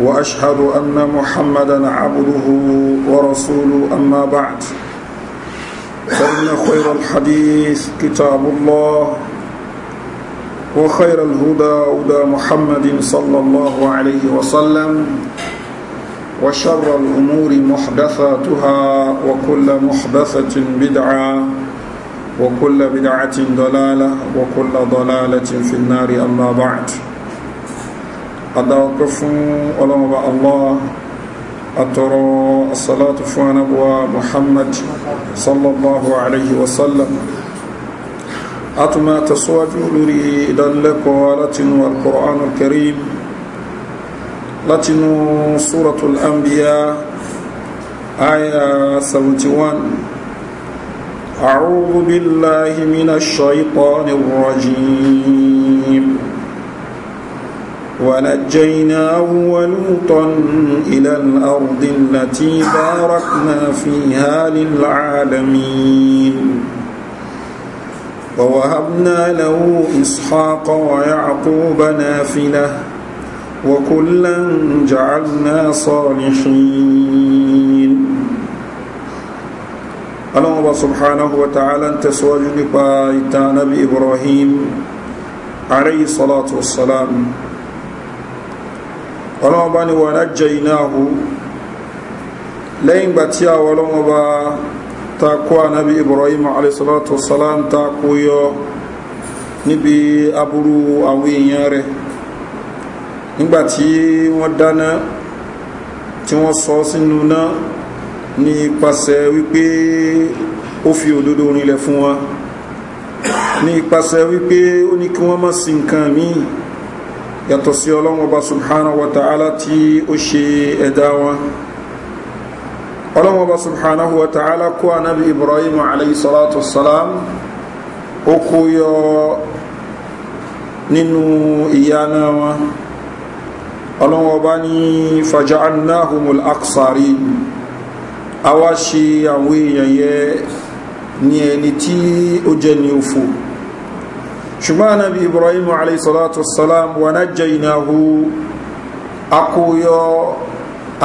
وأشهد أن محمدا عبده ورسوله أما بعد فان خير الحديث كتاب الله وخير الهدى هدى محمد صلى الله عليه وسلم وشر الأمور محدثاتها وكل محدثة بدعة، وكل بدعة ضلالة، وكل ضلالة في النار أما بعد adáwọ́pẹ́ fún ọlọ́mọba allah atọrọ asalatu fún anabuwa muhammad sallallahu alayhi wa sallam a tún máa tẹ̀síwájú lórí ìdánilẹ́kọ̀ọ́ látinú alkur'an alkarim látinú suratul anbiya aya 71 أعوذ بالله من الشيطان الرجيم ونجيناه ولوطا إلى الأرض التي باركنا فيها للعالمين ووهبنا له إسحاق ويعقوب نافلة وكلا جعلنا صالحين الله سبحانه وتعالى تسواجنك بإتان نبي بإبراهيم عليه الصلاة والسلام ọlọ́wọ́n bá ní wà nájẹ iná lẹ́yìn gbà tí àwọn ọlọ́wọ́n bá takó ànábí ibrahim alaihissalatu salam takó yọ níbi aburú àwọn èèyàn rẹ̀ nígbàtí wọ́n dáná tí wọ́n sọ sínú náà ní ipasẹ̀ wípé ó fi òdodo rinlẹ̀ fún wa ní ipasẹ̀ wípé ó ní kí wọ́n mọ́ sí nǹkan míì yàtọ̀ sí ọlọ́wọ́n ọba subhanahu wa ta'ala tí ó ṣe ẹ̀dá wọn ọlọ́wọ́n ọba subhanahu wa ta'ala kó anábi ibrahim alayhi salatu salam ó kó yọ nínú ìyáná wọn ọlọ́wọ́n ọba ní faja'annahumul aksari a àwọn èèyàn yẹ ní ẹni tí ó jẹ́ ní òfò ṣùgbọ́n anábi ibrahim aleyhisalatu wasalam wà náà jẹ ìnáwó akóyọ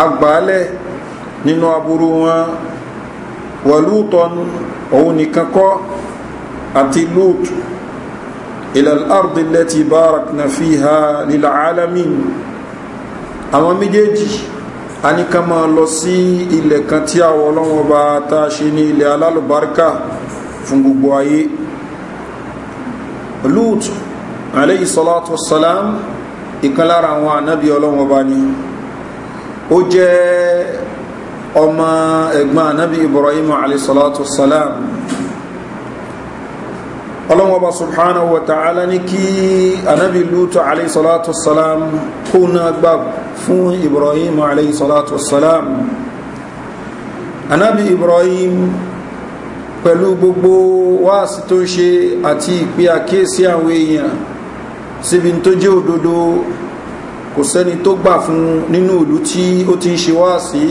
agbálẹ̀ nínú aburú wọn wàlúùtọ́n òun nìkan kọ́ àti lóòtù ìlàlárdì lẹ́tì barak na fi ha lílà alamin àwọn méjèèjì a ní ká máa lọ sí ilẹ̀ kan tí àwọn ọlọ́wọ́ bá ta ṣe ní ilẹ̀ alálùbáríkà fún gbogbo ayé lúùtù alayhi salatu wassalam ìkan lára àwọn ànábì ọlọ́run ọba ni ó jẹ́ ọmọ ẹ̀gbọ́n ànábì ibrahim alayhi salatu wassalam ọlọ́run ọba subhanahu wa ta'ala ní kí ànábì lúùtù alayhi salatu wassalam kó náà gbà fún ibrahim alayhi salatu wassalam ànábì ibrahim pẹ̀lú gbogbo wáàsí tó ṣe àti ìpé àkíyèsí àwọn èèyàn síbi tó jẹ́ òdodo kò sẹ́ni tó gbà fún nínú ìlú tí ó ti ń ṣe wáàsí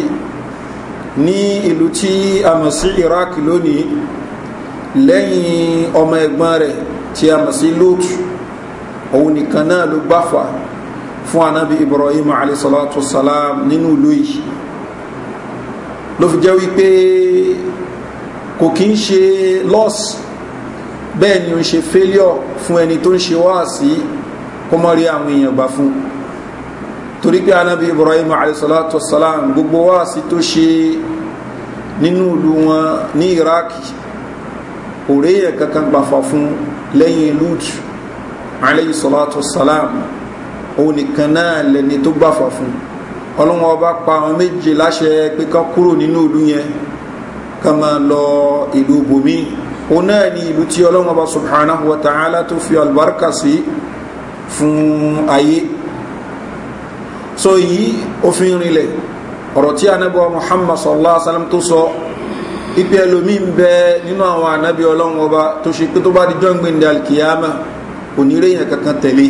ní ìlú tí a mọ̀ sí iraq lónìí lẹ́yìn ọmọ ẹ̀gbọ́n rẹ̀ tí a mọ̀ sí lóòtù òun nìkan náà ló gbáfà fún anábi ibrahim alayhisalatu salam nínú ìlú yìí ló fi jẹ́ wípé kò kí ń ṣe loss bẹ́ẹ̀ ni ó ń ṣe failure fún ẹni tó ń ṣe wá sí kó mọ́ rí àwọn èèyàn gbà fún torí pé anábì ibrahim alayhisalatu wasalam gbogbo wá sí tó ṣe nínú ìlú wọn ní iraq òréyẹ kankan gbàfà fún lẹ́yìn lut alayhisalatu wasalam òun nìkan náà lẹni tó gbàfà fún ọlọ́wọ́n ọba pa àwọn méje láṣẹ pé ká kúrò nínú ìlú yẹn ká máa lọ ìlú bòmí òun náà ni ìlú tí ọlọ́run ọba subhanahu wa ta'ala tó fi albarka sí fún ayé so yìí òfin rinlẹ̀ ọ̀rọ̀ tí anábọ̀ muhammad sallallahu alaihi wasallam tó sọ ipe ẹlòmíín bẹ nínú àwọn anábì ọlọ́run ọba tó ṣe pé bá di jọ́ngbìn dal kiyama kò ní kankan tẹ̀lé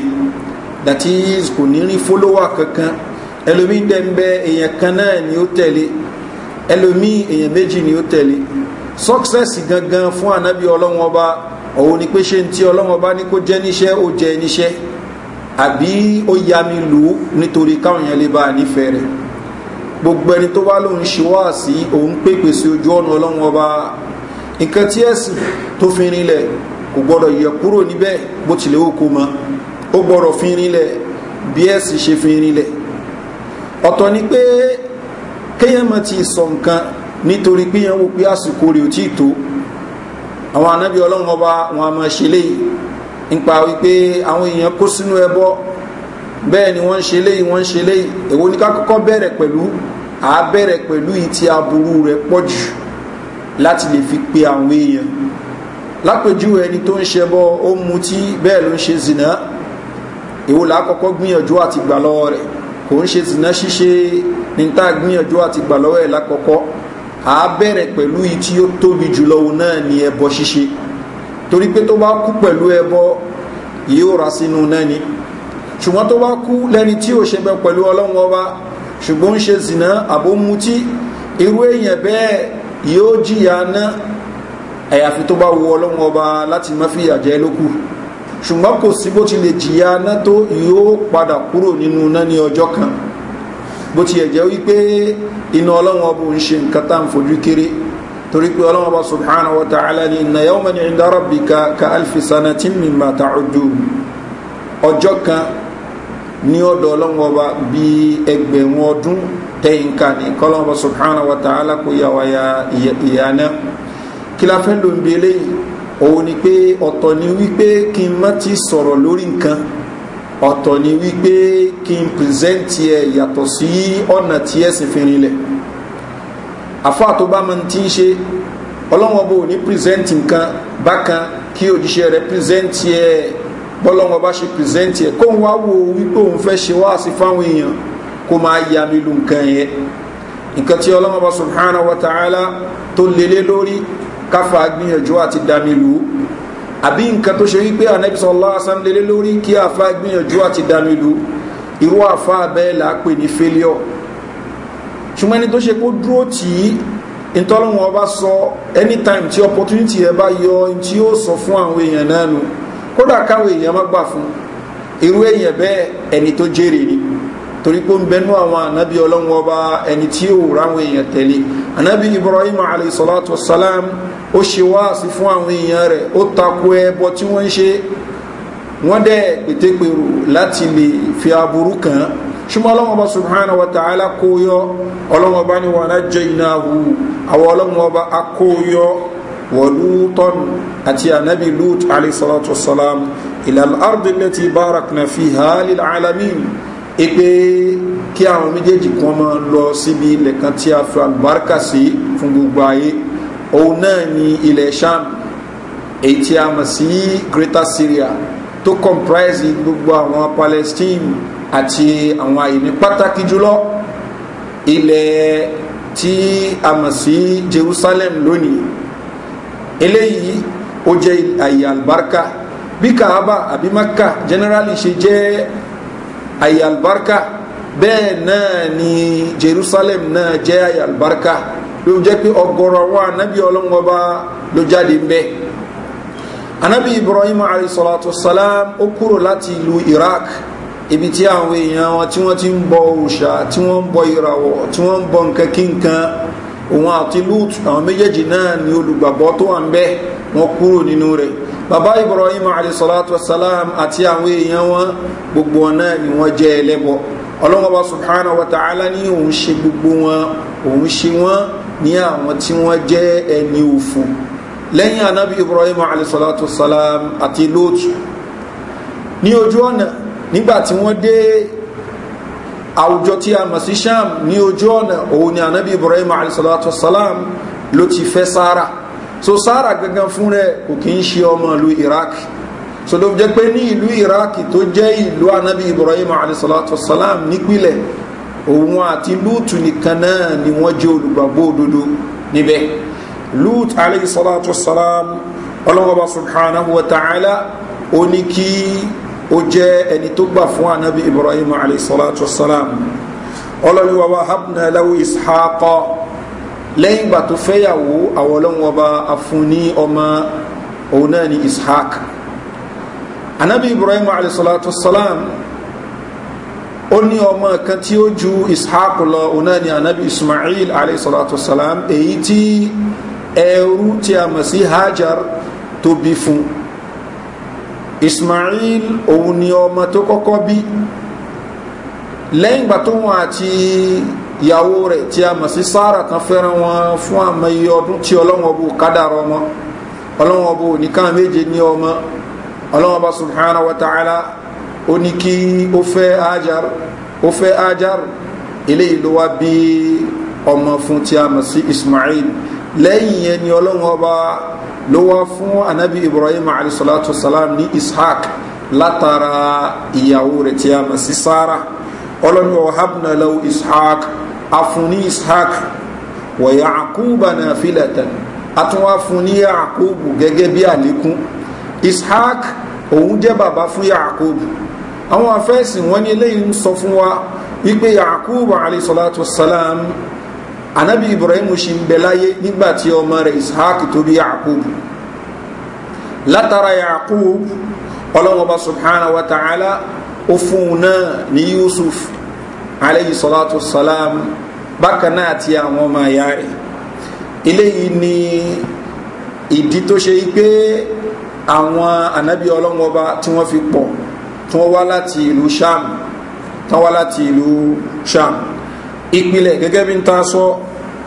that is kò ní rí fólówà kankan ẹlòmíín dẹ̀ ń bẹ èèyàn kan náà ni ó tẹ̀lé ẹlòmí èèyàn méjì ni ó tẹ̀lé sọ́ksẹ́sì gangan fún ànábì ọlọ́run ọba òun ni pé ṣe ń tí ọlọ́run ọba ní kó jẹ́ níṣẹ́ ó jẹ́ níṣẹ́ àbí ó ya mi lù ú nítorí káwọn yẹn lè bá a nífẹ̀ẹ́ rẹ̀ gbogbo ẹni tó bá lòun ṣe wá sí òun pèpè sí ojú ọ̀nà ọlọ́run ọba nǹkan tí ẹ̀sìn tó fi rinlẹ̀ kò gbọ́dọ̀ yẹ kúrò níbẹ̀ bó tilẹ̀ ó kó mọ ó gbọ́dọ̀ fi rinlẹ̀ bí ẹ̀sìn ṣe fi rinlẹ̀ ọ̀tọ̀ ni pé kéèyàn má ti sọ nǹkan nítorí pé yẹn wo pé àsìkò rẹ̀ ò tí ì tó àwọn anábì ọlọ́run ọba wọn a máa ṣe léyìí nípa wípé àwọn èèyàn kó sínú ẹbọ bẹ́ẹ̀ ni wọ́n ń ṣe léyìí wọ́n ń ṣe léyìí èwo ni ká kọ́kọ́ bẹ̀rẹ̀ pẹ̀lú à á bẹ̀rẹ̀ pẹ̀lú ìtì aburú rẹ̀ pọ̀ jù láti lè fi pe àwọn èèyàn lápèjú ẹni tó ń ṣẹbọ ó mutí bẹ́ẹ̀ ló ń ṣe zìnà èwo làá kọ́kọ́ gbìyànjú àti gbà lọ́wọ́ rẹ̀ kò ń ṣe zina ṣíṣe ní tá a gbìyànjú àti gbà lọ́wọ́ ẹ̀ lákọ̀ọ́kọ́ à bẹ̀rẹ̀ pẹ̀lú yìí tí ó tóbi jùlọ òun náà ni ẹbọ ṣíṣe torí pé tó bá kú pẹ̀lú ẹbọ yóò ra sínú náà ni ṣùgbọ́n tó bá kú lẹ́ni tí ò ṣe bẹ pẹ̀lú ọlọ́run ọba ṣùgbọ́n ń ṣe zina àbómutí irú èèyàn bẹ́ẹ̀ yóò jìyà náà àyàfi tó bá wo ọlọ́run ọba láti má fìyà jẹ lókù ṣùgbọ́n kò sí bó ti lè jìyà ná tó yóò padà kúrò nínú ná ní ọjọ́ kan bó ti ẹ̀jẹ̀ wípé iná ọlọ́wọ́n bó ń ṣe nǹkan tá à ń fojú kéré torí pé ọlọ́wọ́n bá subhanahu wa ta'ala ni inna yawman 'inda rabbika ka alfi sanatin mimma ta'udun ọjọ́ kan ní ọ̀dọ̀ ọlọ́wọ́n bá bí ẹgbẹ̀rún ọdún tẹ̀yìnká ní kọ́lọ́wọ́n bá subhanahu wa ta'ala kó yà wáyà ìyànà kí la fẹ́ lóun bí eléyìí òun ni pé ọ̀tọ̀ ni wípé kí n má ti sọ̀rọ̀ lórí nǹkan ọ̀tọ̀ ni wípé kí n pìrìsẹ́ǹtì ẹ̀ yàtọ̀ sí ọ̀nà tí ẹ̀ sì fi rinlẹ̀ àfáà tó bá máa ti ń ṣe ọlọ́wọ́n bò ní pìrìsẹ́ǹtì nǹkan bákan kí òjíṣẹ́ rẹ̀ pìrìsẹ́ǹtì ẹ̀ bọ́lọ́wọ́n bá ṣe pìrìsẹ́ǹtì ẹ̀ wá wo wípé òun fẹ́ ṣe wá sí fáwọn èèyàn kó máa ya mi lu nǹkan yẹn nǹkan tí ọlọ́wọ́n bá subhanahu wa káfà gbìyànjú àti damilu àbí nǹkan tó ṣe wípé anabi sallallahu alaihi wasallam lélẹ́ lórí kí àfà gbìyànjú àti damilu irú àfà bẹ́ẹ̀ là á pè ní failure ṣùgbọ́n ẹni tó ṣe kó dúró tì ìtọ́lọ́wọ́n ọba sọ anytime tí opportunity ẹ bá yọ tí ó sọ fún àwọn èèyàn náà nu kódà káwọn èèyàn má gbà fún irú èèyàn bẹ́ẹ̀ ẹni tó jèrè ni torí pé ń bẹnu àwọn ànábì ọlọ́run ọba ẹni tí ó ráwọn èèyàn tẹ̀lé ànábì ibrahim alayhisalatu wasalam ó ṣe wáàsí fún àwọn èèyàn rẹ̀ ó takò ẹbọ tí wọ́n ń ṣe wọ́n dẹ̀ pètèpèrò láti lè fi aburú kàn án ṣùgbọ́n ọlọ́run ọba subhana wa ta'ala kó yọ ọlọ́run ọba ni wọn jẹ́ iná hu àwọn ọlọ́run ọba akóyọ àti ànábì lut alayhisalatu wasalam ìlàlá ardilẹ̀ ti bárakna fi hàlil alamin ipe kí àwọn méjèèjì kan máa lọ síbi ilẹ̀ kan tí a fi àlùbáríkà sí fún gbogbo ayé òun náà ni ilẹ̀ sham èyí tí a mọ̀ sí greater syria tó comprise gbogbo àwọn palestine àti àwọn àyè ní pàtàkì jùlọ ilẹ̀ tí a mọ̀ sí jerusalem lónìí eléyìí ó jẹ́ àyè àlùbáríkà bí kaaba àbí maka generally ṣe jẹ́ ayé albarka bẹ́ẹ̀ náà ni jerusalem náà jẹ́ ayé albarka ló jẹ́ pé ọgọ́rọ̀ wa anabi ọlọ́ngọba ló jáde ń bẹ́ anabi ibrahim alayhisalatu salam ó kúrò láti ìlú iraq ibi tí àwọn èèyàn wọn tí wọ́n ti ń bọ òòṣà tí wọ́n ń bọ ìràwọ̀ tí wọ́n ń bọ nǹkan kí nǹkan òun àti lut àwọn méjèèjì náà ni olùgbàgbọ́ tó wà ń bẹ́ wọn kúrò nínú rẹ̀ bàbá ibrahim alayhisalatu wasalam àti àwọn èèyàn wọn gbogbo wọn náà ni wọ́n jẹ́ ẹlẹ́bọ ọlọ́wọ́ba subhanahu wa ta'ala ní òun ṣe gbogbo wọn òun ṣe wọn ní àwọn tí wọ́n jẹ́ ẹni òfò lẹ́yìn anábì ibrahim alayhisalatu wasalam àti lóòtù ní ojú ọ̀nà nígbà tí wọ́n dé àwùjọ tí a mọ̀ sí sham ní ojú ọ̀nà òun ni anábì ibrahim alayhisalatu wasalam ló ti fẹ́ sára so Sara gangan fún rẹ kò kí ń ṣe ọmọ ìlú Iraq so ló jẹ́ pé ní ìlú Iraq tó jẹ́ ìlú anabi Ibrahim alayhisalaam nípìlẹ̀ òun àti Lúùtù nìkan náà ni wọ́n jẹ́ olùgbàgbọ́ òdodo níbẹ̀ Lúùtù alayhisalaam ọlọ́wọ́ba subhanahu wa ta'ala ní kí ó jẹ́ ẹni tó gbà fún anabi Ibrahim alayhisalaam ọlọ́wọ́ba habna ishaqa lẹ́yìn ìgbà tó fẹ́yàwó àwọn ọlọ́run ọba afun ní ọmọ òun náà ni ishaq anabi ibrahim alayhisalatu salam ó ní ọmọ kan tí ó ju ishaq lọ òun náà ni anabi ismail alayhisalatu salam èyí tí ẹrú tí a mọ̀ sí hajar tó bí fún ismail òun ni ọmọ tó kọ́kọ́ bí lẹ́yìn ìgbà tó wọn àti ìyàwó rẹ̀ tí a mọ̀ sí sára kan fẹ́ràn wọn fún àmọ́ iye ọdún tí ọlọ́wọ́n bò kádàrọ̀ ọmọ ọlọ́wọ́n bò nìkan méje ní ọmọ ọlọ́wọ́n bá subhana wa ta'ala ó ní kí ó fẹ́ ajar ó fẹ́ ajar eléyìí ló wá bí ọmọ fún tí a mọ̀ sí ismail lẹ́yìn yẹn ni ọlọ́wọ́n bá ló wá fún anabi ibrahim alayhisalatu salam ní ishaq látara ìyàwó rẹ̀ tí a mọ̀ sí sára ọlọ́wọ́n habna lau ishaq afuni ishaq wa yaquba nafilatan atúnwá fún ní yaakubu gẹ́gẹ́ bí àlékún ishaq òun jẹ́ bàbá fún yaakubu àwọn afẹ́sìn wọ́n ní eléyìí ń sọ fún wa wípé yaakubu alayhisalatu wasalam anabi ibrahim ṣì ń bẹ láyé nígbàtí ọmọ rẹ̀ ishaq tó bí yaakubu látara yaakubu ọlọ́wọ́ba subhanahu wa ta'ala ó náà ní yusuf aleyhi salatu salam bákan náà àti àwọn ọmọ àyà rẹ̀ eléyìí ni ìdí tó ṣe pé àwọn ànábì ọlọ́mọba tí wọ́n fi pọ̀ tí wọ́n wá láti ìlú sham tí wọ́n wá láti ìlú sham ìpìlẹ̀ gẹ́gẹ́ bí n ta sọ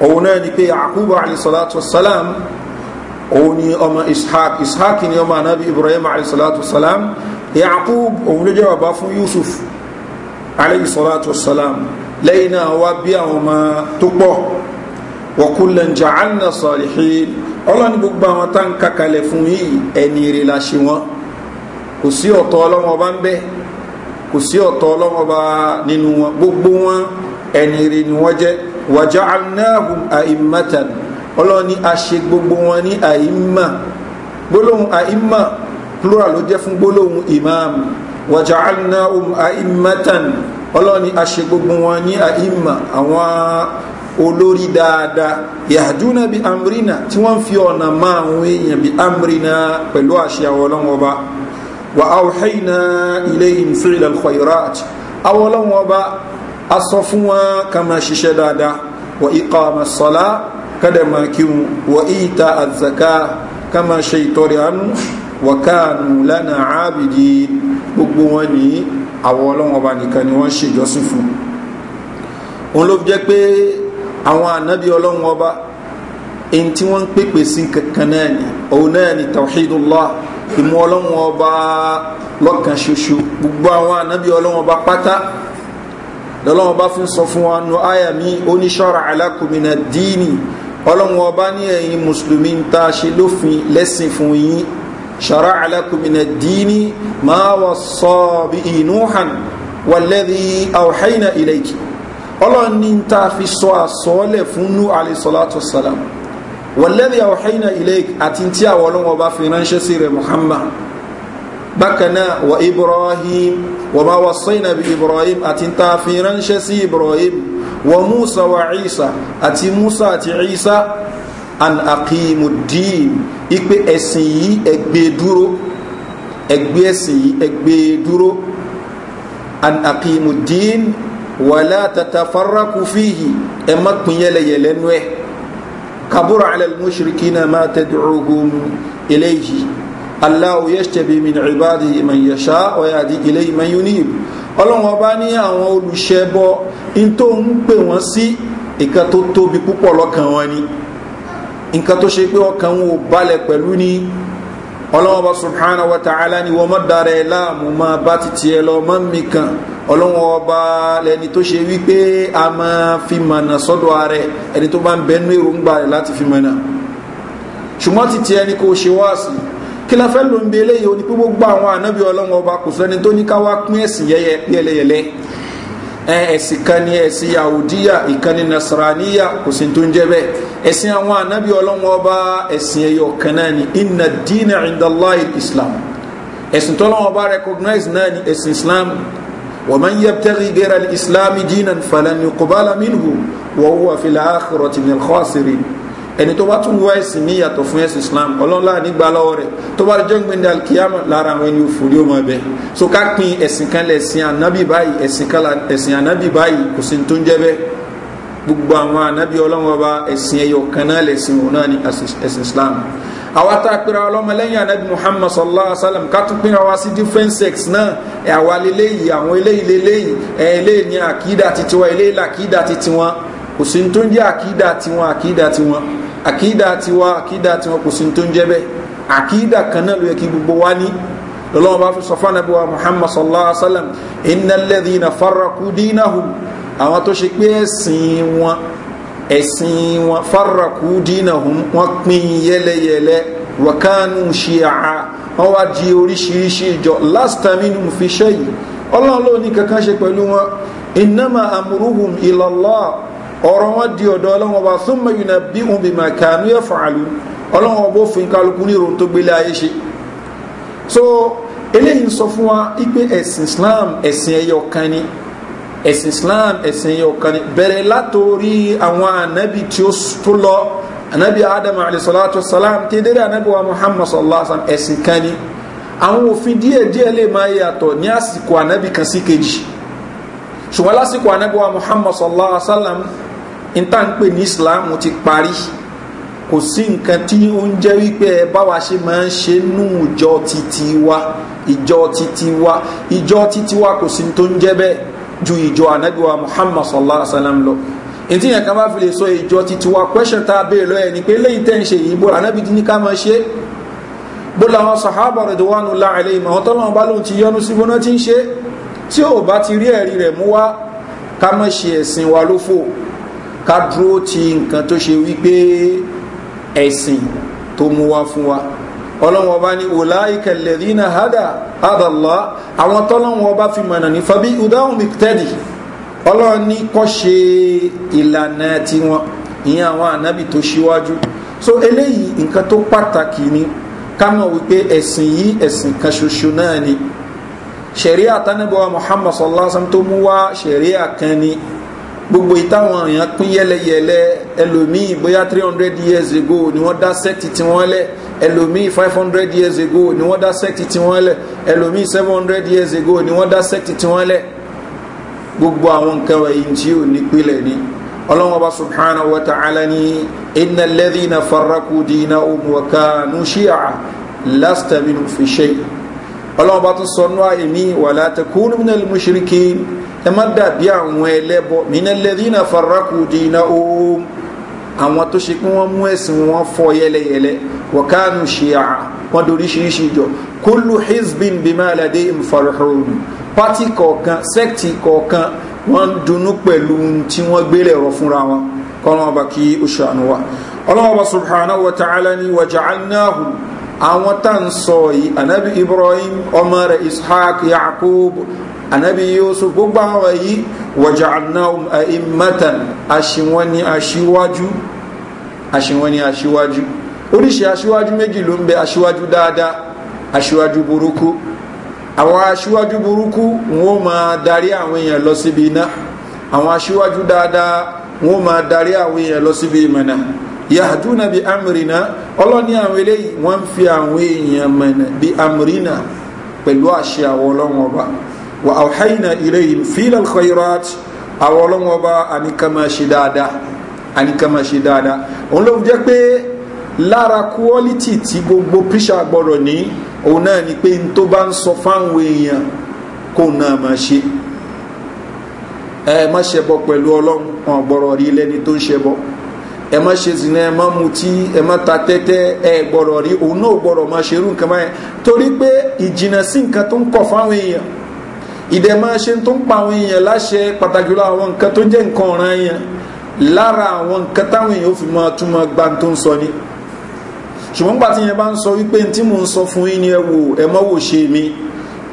òun náà ni pé yakubu alayhisalatu salam òun ni ọmọ ishaq ishaq ni ọmọ ànábì ibrahim alayhisalatu salam yakub òun ló jẹ́ bàbá fún yusuf alayhi salatu wasalam lẹ́yìn náà wá bí àwọn ọmọ tó pọ̀ wa kullan ja'alna salihin ọlọ́ni gbogbo àwọn tá ń kakalẹ̀ fún yìí ẹni rè la ṣe wọn kò sí ọ̀tọ̀ ọlọ́wọ́n ọba ń bẹ kò sí ọ̀tọ̀ ọlọ́wọ́n ọba nínú wọn gbogbo wọn ẹni rè ni wọ́n jẹ́ wa ja'alnahum a'immatan ọlọ́ni a ṣe gbogbo wọn ní àìmà gbólóhùn àìmà plural ló jẹ́ fún gbólóhùn imam waja'alnahum a'immatan ọlọ́ni aṣe gbogbo wọn ní àìmà àwọn olórí dáadáa yahduna bi amrina tí wọ́n fi ọ̀nà máa àwọn èèyàn bi amrina pẹ̀lú àṣẹ àwọn ọlọ́wọ́ bá wa awhayna ilayhim fi'l a sọ fún wọn ká máa ṣiṣẹ́ dáadáa wa iqama as-sala kada máa kírun wa ita az ká máa ṣe ìtọrẹ àánú wa kanu lana abidin gbogbo wọn ní àwọ ọlọ́wọ́n ọba nìkan ni wọ́n ṣèjọsìn fún òun ló fi jẹ́ pé àwọn ànábì ọlọ́wọ́n ọba èyí tí wọ́n ń pèpè sí kankan náà ni òun náà ni tawhidullah ìmú ọlọ́wọ́n ọba lọ́kan ṣoṣo gbogbo àwọn ànábì ọlọ́wọ́n ọba pátá lọ́lọ́wọ́n ọba fi sọ fún wa nu àyà mi oníṣọ́ra alákùnrin díìnì ọlọ́wọ́n ọba ní ẹ̀yin mùsùlùmí ń ta ṣe lófin lẹ́sìn fún yín شرع لكم من الدين ما وصى به نوحا والذي أوحينا إليك ọlọ́run ní ta fi sọ àsọ́ọ́lẹ̀ fún nú alẹ́sọ́látọ̀ sàlám wọ̀lẹ́bí àwọ̀hẹ́nà ilẹ̀ àti tí àwọn ọlọ́wọ́ bá fi ránṣẹ́ sí rẹ̀ muhammad bákanáà wà ibrahim wà máa wà sọ́yìnà bí ibrahim àti ta fi ránṣẹ́ sí ibrahim wà musa wà isa àti musa àti isa an aqimu diin ipe ẹ̀sìn yìí ẹgbẹ́ e dúró ẹgbẹ́ ẹ̀sìn yìí ẹgbẹ́ e dúró an aqimu diin wàlá tatafarraku fihi ẹ má pín yẹlẹyẹlẹ nú ẹ kabura ala al-mushrikina ma tad'uhum ilayhi Allahu yashtabi min ibadihi man yasha wa yahdi ilayhi man yunib ọlọ́run ọba ní àwọn olùṣẹ́bọ in tó ń pè wọ́n sí ìka tó tóbi púpọ̀ lọ́kàn wọn ni nǹkan tó ṣe pé ọkàn wọn balẹ̀ pẹ̀lú ni ọlọ́wọ́n bá subhana wa ta'ala ni wọ́n mọ́ dára ẹ̀ láàmú máa bá ti tiẹ̀ lọ mọ́ mi kan ọlọ́wọ́n ọba lẹni tó ṣe wípé a máa fi mọ̀nà sọ́dọ̀ ààrẹ ẹni tó bá ń bẹnu èròǹgbà rẹ̀ láti fi mọ̀nà ṣùgbọ́n ti tiẹ̀ ni kò ṣe wá sí kí la fẹ́ ló ń bi eléyìí o ní pé gbogbo àwọn ànábì ọlọ́wọ́n ọba kò sẹ́ni tó ní ká wá pín ẹ̀sìn yẹlẹyẹlẹ ẹ̀sìn kan ní ẹ̀sìn yahudiya ìkànnì nasaraniya kò sì tó ń jẹ́ bẹ́ẹ̀ ẹ̀sìn àwọn anabi ọlọ́wọ́n ọba ẹ̀sìn ẹ̀yọ kan náà ni inna dina indallahi islam ẹ̀sìn tó recognize náà ni islam wa man yabtaghi ghayra al-islami dinan minhu wa huwa fil akhirati minal ẹni tó bá tún wá ẹ̀sìn mi yàtọ̀ fún ẹ̀sìn islam ọlọ́lá nígbà lọ́wọ́ rẹ̀ tó bá jẹ́ gbẹ̀ndé alikiyama lára àwọn ẹni òfòrí ó máa so ká pin ẹ̀sìn kan lẹ̀sìn anabi báyìí ẹ̀sìn kan lẹ̀sìn anabi báyìí kò sí tó ń jẹ́ bẹ́ẹ̀ gbogbo àwọn anabi ọlọ́wọ́ bá ẹ̀sìn ẹ̀yọ̀ kan náà lẹ̀sìn òun náà ni ẹ̀sìn islam àwa tá a pera ọlọ́mọ lẹ́yìn anabi muhammad sallallahu alayhi wa sallam ká tún pera wa sí different sex náà ẹ̀ àwa leléyìí àwọn eléyìí leléyìí ẹ̀ eléyìí ni àkídà titiwọn eléyìí làkídà titiwọn kò sí tó ń jẹ́ àkídà tiwọn àkídà tiwọn àkídà tiwa àkídà tiwa kò sí tó ń jẹ́ bẹ́ẹ̀ àkídà kan náà ló yẹ kí gbogbo wa ní lọ́lọ́wọ́ bá fi sọ fún anabi wa muhammad sallallahu alaihi wa sallam iná lẹ́dí iná faraku dínahùn àwọn tó ṣe pé ẹ̀sìn wọn ẹ̀sìn wọn faraku dínahùn wọn pín yẹlẹyẹlẹ wakanu ṣíà wọn wá di oríṣiríṣi ìjọ lásìtàmínú fi ṣẹ́yìn ọlọ́run ló ní kankan ṣe pẹ̀lú wọn iná ma amúrúhùn ọ̀rọ̀ wọn di ọ̀dọ̀ ọlọ́wọ́n bá súnmọ́ yìí náà bí òun bí máa kàánú yẹ fàálù ọlọ́wọ́n bó fi kálukú ní ìròyìn tó gbélé ayé ṣe so eléyìí ń sọ fún wa ipe ẹ̀sìn islam ẹ̀sìn ẹyẹ ọ̀kan ni ẹ̀sìn islam ẹ̀sìn ẹyẹ ọ̀kan ni bẹ̀rẹ̀ látòrí àwọn ànábì tí ó tó lọ ànábì adam alayhisalatu salam tí dédé ànábì wa muhammad sallallahu alayhi wa sallam ẹ̀sìn kan ni àwọn òfin díẹ̀díẹ̀ lè máa yàtọ̀ ní àsìkò ànábì kan sí kejì ṣùgbọ́n lásìkò ànábì wa muhammad sallallahu alayhi wa sallam níta ń pè ní islam ti parí kò sí nǹkan tí ó ń jẹ́ wípé ẹ báwa ṣe máa ń ṣe nú ìjọ titi wa ìjọ titi wa ìjọ titi wa kò sí tó ń jẹ́ bẹ́ẹ̀ ju ìjọ anabiwa muhammad sallallahu alaihi wa sallam lọ ètí yẹn kan bá fi lè sọ ìjọ titi wa question tá a béèrè lọ́yẹ̀ ni pé lẹ́yìn tẹ́ ń ṣe yìí bó anabi ní ká máa ṣe é bó làwọn sàhábà rẹ̀ dùwánu láàrẹ̀ ìmọ̀ ọ̀tọ́ náà bá lóun ti yọnu sí bóná ti ń ṣe tí ò bá ti rí ẹ̀rí rẹ̀ mú wá ká mọ̀ ṣe ẹ̀sìn wa lófò ká dúró ti nǹkan tó ṣe wípé ẹ̀sìn tó mú wá fún wa ọlọ́wọ́n ọba ní wòláìkà lẹ́dínà hádà àdàlá àwọn tọ́lọ́wọ́n ọba fi mọ̀nà ní fabi udáhùn mìtẹ́dì ọlọ́run ní kọ́ ṣe ìlànà tiwọn ìyẹn àwọn ànábì tó ṣíwájú so eléyìí nǹkan tó pàtàkì ni ká mọ̀ wípé ẹ̀sìn yìí ẹ̀sìn kan ṣoṣo náà ni ṣẹ̀ríà tánàbọ̀ muhammad sallallahu alaihi wa sallam tó mú wá ṣẹ̀ríà kan gbogbo ìtawọn èèyàn pín yẹlẹyẹlẹ ẹlòmíì bóyá three hundred years ago ni wọ́n dá sẹ́ẹ̀tì tiwọn lẹ̀ ẹlòmíì five hundred years ago ni wọ́n dá sẹ́ẹ̀tì tiwọn lẹ̀ ẹlòmíì seven hundred years ago ni wọ́n dá sẹ́ẹ̀tì tiwọn lẹ̀ gbogbo àwọn nǹkan wọ̀nyí tí ò ní pilẹ̀ ni ọlọ́wọ́n bá subhanahu wa ta'ala ni iná lẹ́dí na faraku dina omuwaka nu ṣíà last time in fi ṣe ọlọ́wọ́n bá tún sọ nù àyè mi wàlá takunu minal mushrikin ẹ má dàbí àwọn ẹlẹ́bọ mina alladhina farraqu dinahum àwọn tó ṣe pé wọ́n mú ẹ̀sìn wọn fọ́ yẹlẹyẹlẹ wa kanu shi'a wọ́n doríṣiríṣi jọ kullu hizbin bima ladayhim farihun pátì kọ̀ọ̀kan sẹ́ẹ̀tì kọ̀ọ̀kan wọ́n ń dunnú pẹ̀lú tí wọ́n gbélé ọ̀rọ̀ fúnra wọn kọ́nà kí oṣù àná wa ọlọ́wọ́ subhanahu wa ta'ala ni wa ja'alnahum àwọn tá ń sọ yìí anabi ibrahim ọmọ rẹ̀ ishaq yaqub anabi yusuf gbogbo àwọn yìí waja'alnahum a'immatan aṣìwọ́n ni aṣíwájú aṣìwọ́n ni aṣíwájú oríṣi aṣíwájú méjì ló ń bẹ aṣíwájú dáadáa aṣíwájú burúkú àwọn aṣíwájú burúkú wọn ó máa darí àwọn èèyàn lọ síbi iná àwọn aṣíwájú dáadáa wọn ó máa darí àwọn èèyàn yahduna bi amrina ọlọ́ni àwọn eléyìí wọ́n ń fi àwọn èèyàn mọ̀nà bi amrina pẹ̀lú àṣẹ àwọn ọlọ́wọ́n ọba wa awhayna ilayhim fil alkhairat àwọn ọlọ́wọ́n ọba àníkàmá ṣe dáadáa àníkàmá ṣe dáadáa òun ló jẹ́ pé lára kúọ́lítì tí gbogbo píṣà gbọ́dọ̀ ní òun náà ni pé n tó bá ń sọ fáwọn èèyàn kó náà máa ṣe ẹ má ṣẹbọ pẹ̀lú ọlọ́run ọ̀gbọ̀rọ̀ rí lẹ́ni tó ń ṣẹbọ ẹ má ṣe zina ẹ má mutí ẹ má ta tẹ́tẹ́ ẹ gbọ́dọ̀ rí òun náà gbọ́dọ̀ má ṣe irú nǹkan báyẹn torí pé ìjìnà sí nǹkan tó ń kọ̀ fáwọn èèyàn ìdẹ máa ṣe tó ń pa àwọn èèyàn láṣẹ pàtàkì lọ àwọn nǹkan tó jẹ́ nǹkan ọ̀ràn yẹn lára àwọn nǹkan táwọn èèyàn ó fi máa túmọ̀ gba tó ń sọ ni ṣùgbọ́n nígbà tí yẹn bá ń sọ wípé tí mò ń sọ fún yín ni ẹ wò ẹ mọ́ wò ṣe mi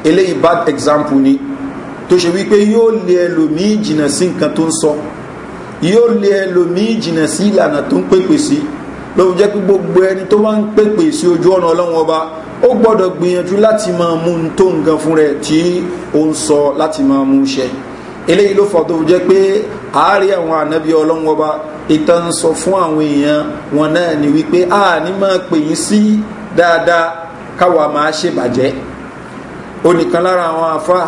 eléyìí bad example ni tó ṣe wípé yóò lé ẹlòmíì jìnnà sí nǹkan tó ń sọ. So yóò lé ẹlòmíì jìnnà sí ìlànà tó ń pèpè sí ló fi jẹ́ pé gbogbo ẹni tó bá ń pèpè sí ojú ọ̀nà ọlọ́run ọba ó gbọ́dọ̀ gbìyànjú láti máa mú un tó nǹkan fún rẹ̀ tí ó ń sọ láti máa mú un ṣe eléyìí ló fọ tó fi jẹ́ pé àárí àwọn ànábì ọlọ́run ọba ìtàn sọ fún àwọn èèyàn wọn náà ni wípé a ní máa pè yín sí dáadáa káwa máa ṣèbàjẹ́ onìkan lára àwọn afá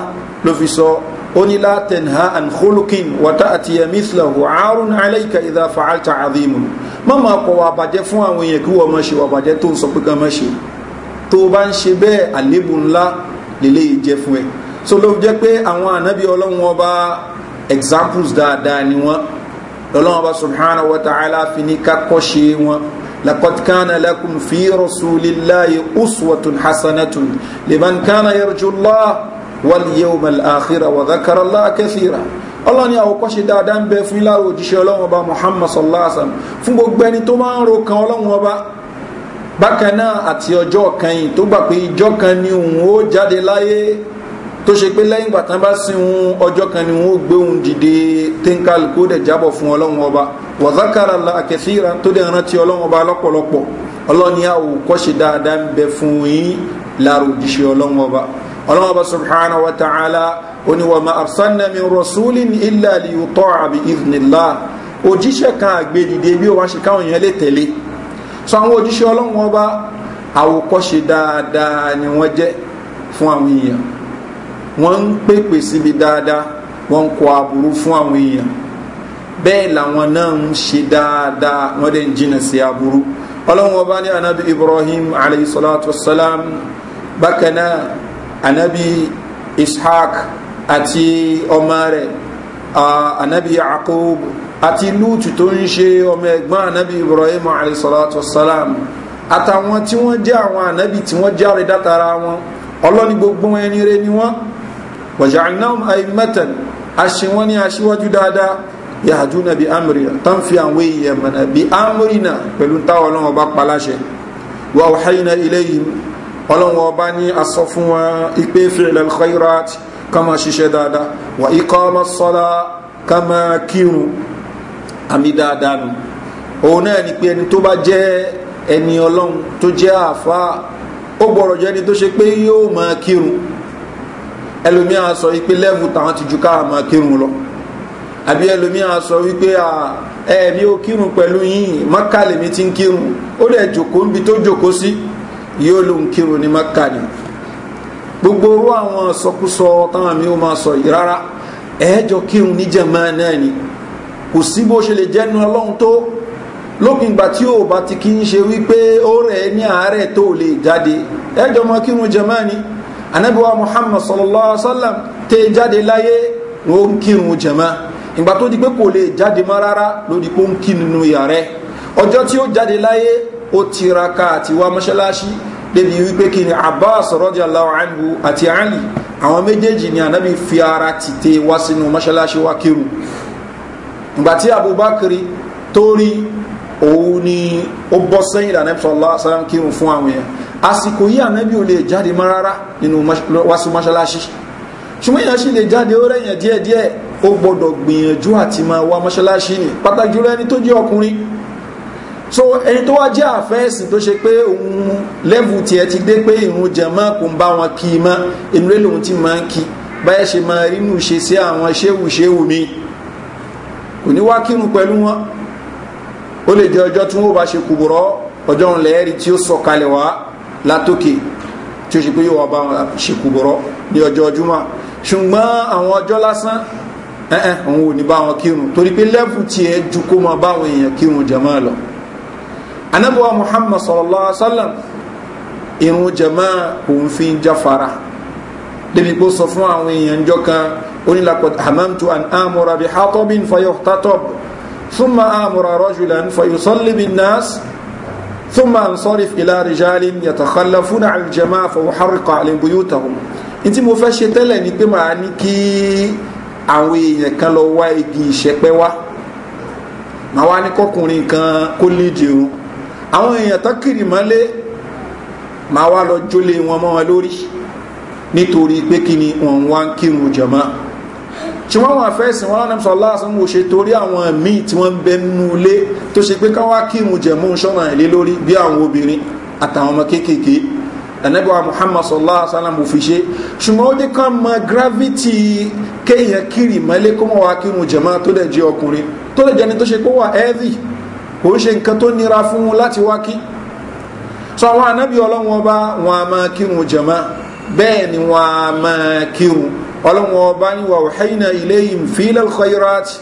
ló fi sọ onílá tẹnha an khulukin wata àti yamislahu arun alayka idha fa'alta azimun má máa kọ̀ wà bàjẹ́ fún àwọn èèyàn kí wọ́n má ṣe wà bàjẹ́ tó ń sọ pé kan má ṣe tó bá ń ṣe bẹ́ẹ̀ àlébù ńlá lélẹ́ yìí jẹ́ fún so ló jẹ́ pé àwọn ànábì ọlọ́run ọba examples dáadáa ni wọ́n ọlọ́run ọba subhanahu wa ta'ala fi ní ká kọ́ ṣe لقد كان لكم في رسول الله أسوة حسنة لمن كان يرجو الله واليوم الآخرة وذكر الله كثيرا Allah ni àwòkọ́ṣe dáadáa ń bẹ fún ìlàrò òjíṣẹ́ ọlọ́run ọba Muhammad sallallahu alaihi wasallam fún gbogbo ẹni tó máa ń ro kan ọlọ́run ọba bákan náà àti ọjọ́ kan yìí tó gbà pé ìjọ́ kan ni òun ó jáde láyé tó ṣe pé lẹ́yìn ìgbà tán bá sin òun ọjọ́ kan ni òun ó gbé òun dìde tínkàlù kó dẹ̀ jábọ̀ fún ọlọ́run ọba wa dhakara Allaha kathiran tó dẹ̀ rántí ọlọ́run ọba lọ́pọ̀lọpọ̀ Allah ni àwòkọ́ṣe dáadáa ń bẹ fún yín láàrò òjíṣẹ́ ọlọ́run ọba ọlọ́mọba subhanahu wa ta'ala oníwàmà arsalnami rasulin illa li yuta'a bi idhnillah òjíṣẹ́ kan àgbèdìde bí ó wá ṣe káwọn èèyàn lè tẹ̀lé so àwọn òjíṣẹ́ ọlọ́run ọba àwòkọ́ṣe dáadáa ni wọ́n jẹ́ fún àwọn èèyàn wọ́n ń pèpè síbi dáadáa wọ́n ń kọ aburú fún àwọn èèyàn bẹ́ẹ̀ làwọn náà ń ṣe dáadáa wọ́n dẹ̀ ń jìnà sí aburú ọlọ́run ọba ní anabi ibrahim alayhi salatu wassalam bákan náà anabi ishaq àti ọmọ rẹ̀ anabi yaqub àti lutu tó ń ṣe ọmọ ẹ̀gbọ́n anabi ibrahim alayhisalatu wasalam àtàwọn tí wọ́n jẹ́ àwọn anabi tí wọ́n járe dátara wọn ọlọ́ni gbogbo ẹni rẹ ni wọ́n wàjàlnáhùn àìmẹ́tàn aṣíwọ́n ní aṣíwájú dáadáa yàjúnà bí amìrìnà tán fi àwọn èèyàn mọ̀nà bí amìrìnà pẹ̀lú táwọn ọlọ́wọ́ bá paláṣẹ wà wáhàyìnà ilé yìí ọlọ́run ọba ní asọ fún wọn ipe fìlẹ̀ khairat ká máa ṣiṣẹ́ dáadáa wà ikọ́ ọmọ sọ́lá ká máa kírun àmì dáadáa nù òun náà ni pé ẹni tó bá jẹ́ ẹni ọlọ́run tó jẹ́ àfa ó gbọ́dọ̀ jẹ́ ẹni tó ṣe pé yóò máa kírun ẹlòmíà sọ wípé lẹ́vù táwọn ti ju káà máa kírun lọ àbí ẹlòmíà sọ wípé ẹ̀ẹ́mí ó kírun pẹ̀lú yín mọ́kàlẹ́mí ti ń kírun ó dẹ̀ jòkó níbi tó jòkó sí. Si yóò ló ń kírun ní maka ni gbogbo orú àwọn sọkúsọ táwọn mi ò máa sọ yìí rárá ẹ̀ẹ́jọ kírun ní jẹ̀mọ́ náà ni kò sí bó ṣe lè jẹ́nu ọlọ́run tó lópin ìgbà tí ò bá ti kí ń ṣe wípé ó rẹ̀ ní àárẹ̀ tó lè jáde ẹ̀ẹ́jọ mọ́ kírun jẹ̀mọ́ ni anabiwa muhammad sallallahu alaihi wasallam tẹ jáde láyé ló ń kírun jẹ̀mọ́ ìgbà tó di pé kò lè jáde mọ́ rárá ló di pé ó ń kí nínú yàrá ọjọ́ tí ó jáde láyé ó tiraka àti wá mọ́ṣáláṣí débi wípé kí ni abbas radiyallahu anhu àti ali àwọn méjèèjì ni anabi fi ara ti tẹ wá sínú mọ́ṣáláṣí wa kírun ìgbà tí abubakar tó rí òun ni ó bọ́ sẹ́yìn anabi sallallahu alaihi wasallam kírun fún àwọn yẹn àsìkò yìí ànábì ò lè jáde mọ́ rárá nínú wàásù mọ́ṣáláṣí ṣùgbọ́n èèyàn sì lè jáde ó rẹ̀yàn díẹ̀díẹ̀ ó gbọ́dọ̀ gbìyànjú àti máa wá mọ́ṣáláṣí ni pàtàkì jùlọ ẹni tó jẹ́ ọkùnrin so ẹni tó wá jẹ́ àfẹ́ẹ̀sì tó ṣe pé òun lẹ́vù tiẹ̀ ti dé pé ìrun jẹ̀mọ́ kò ń bá wọn kí i mọ́ inú lé lòun ti máa ń kí báyẹ̀ ṣe máa rínú ṣe sí àwọn ṣéwù ṣéwù mi kò ní wá kírun pẹ̀lú wọn ó lè jẹ́ ọjọ́ tí wọ́n bá ṣe kùbùrọ́ ọjọ́ òun lẹ́ẹ̀rí tí ó sọ kalẹ̀ wá látòkè tí ó ṣe pé yóò wá bá wọn ṣe kùbùrọ́ ní ọjọ́ ọjúmọ́ ṣùgbọ́n àwọn ọjọ́ lásán ẹ̀ẹ́ òun ò ní bá wọn kírun torí pé lẹ́vù tiẹ̀ ju kó máa bá àwọn èèyàn kírun jẹ̀mọ́ lọ anabuwa muhammad sallallahu alaihi wa sallam irun jamaa òun fi ń jáfara débi kó sọ fún àwọn èèyàn jọ kan onílàkọ̀tà hamamtu an amura bi hatobin fayohtatob ثم آمر رجلا فيصلي بالناس ثم انصرف إلى رجال يتخلفون عن الجماعة فأحرق عليهم بيوتهم ǹtí mo fẹ́ ṣe tẹ́lẹ̀ ni pé màá ní kí àwọn èèyàn kan lọ wá igi ìṣẹ́pẹ́ wá màá wá ní kọkùnrin kan kó lédè irun àwọn èèyàn tán kiri mọ́lé màá wá lọ jólé wọn mọ́ wọn lórí nítorí pé kí ni wọn wá ń kírun jọ̀mọ́ tí wọ́n wọ́n fẹ́ sìn wọ́n lọ́nà sọ́lá sọ́n mo ṣe torí àwọn míì tí wọ́n ń bẹ nínú ilé tó ṣe pé káwá kírun jẹ̀mú sọ́nà ilé lórí bí àwọn obìnrin àtàwọn ọmọ kéékèèké ẹ̀nẹ́bàá muhammad sọ́lá sọ́lá mo fi ṣe ṣùgbọ́n ó dé kán mọ gravity kéèyàn kiri mọ́lé kó mọ̀ wá kírun jẹ̀mọ́ tó dẹ̀ jẹ́ ọkùnrin tó dẹ̀ jẹ́ni tó ṣe pé wà ẹ́ẹ́dì kò ń ṣe nǹkan tó nira fún un láti wá kí sọ àwọn anábì ọlọ́wọ́n ọba wọn a máa kírun jẹ̀mọ́ bẹ́ẹ̀ ni wọn a máa kírun ọlọ́wọ́n ọba ní wà wàhálà ilé yìí fílẹ̀ kọ́irátì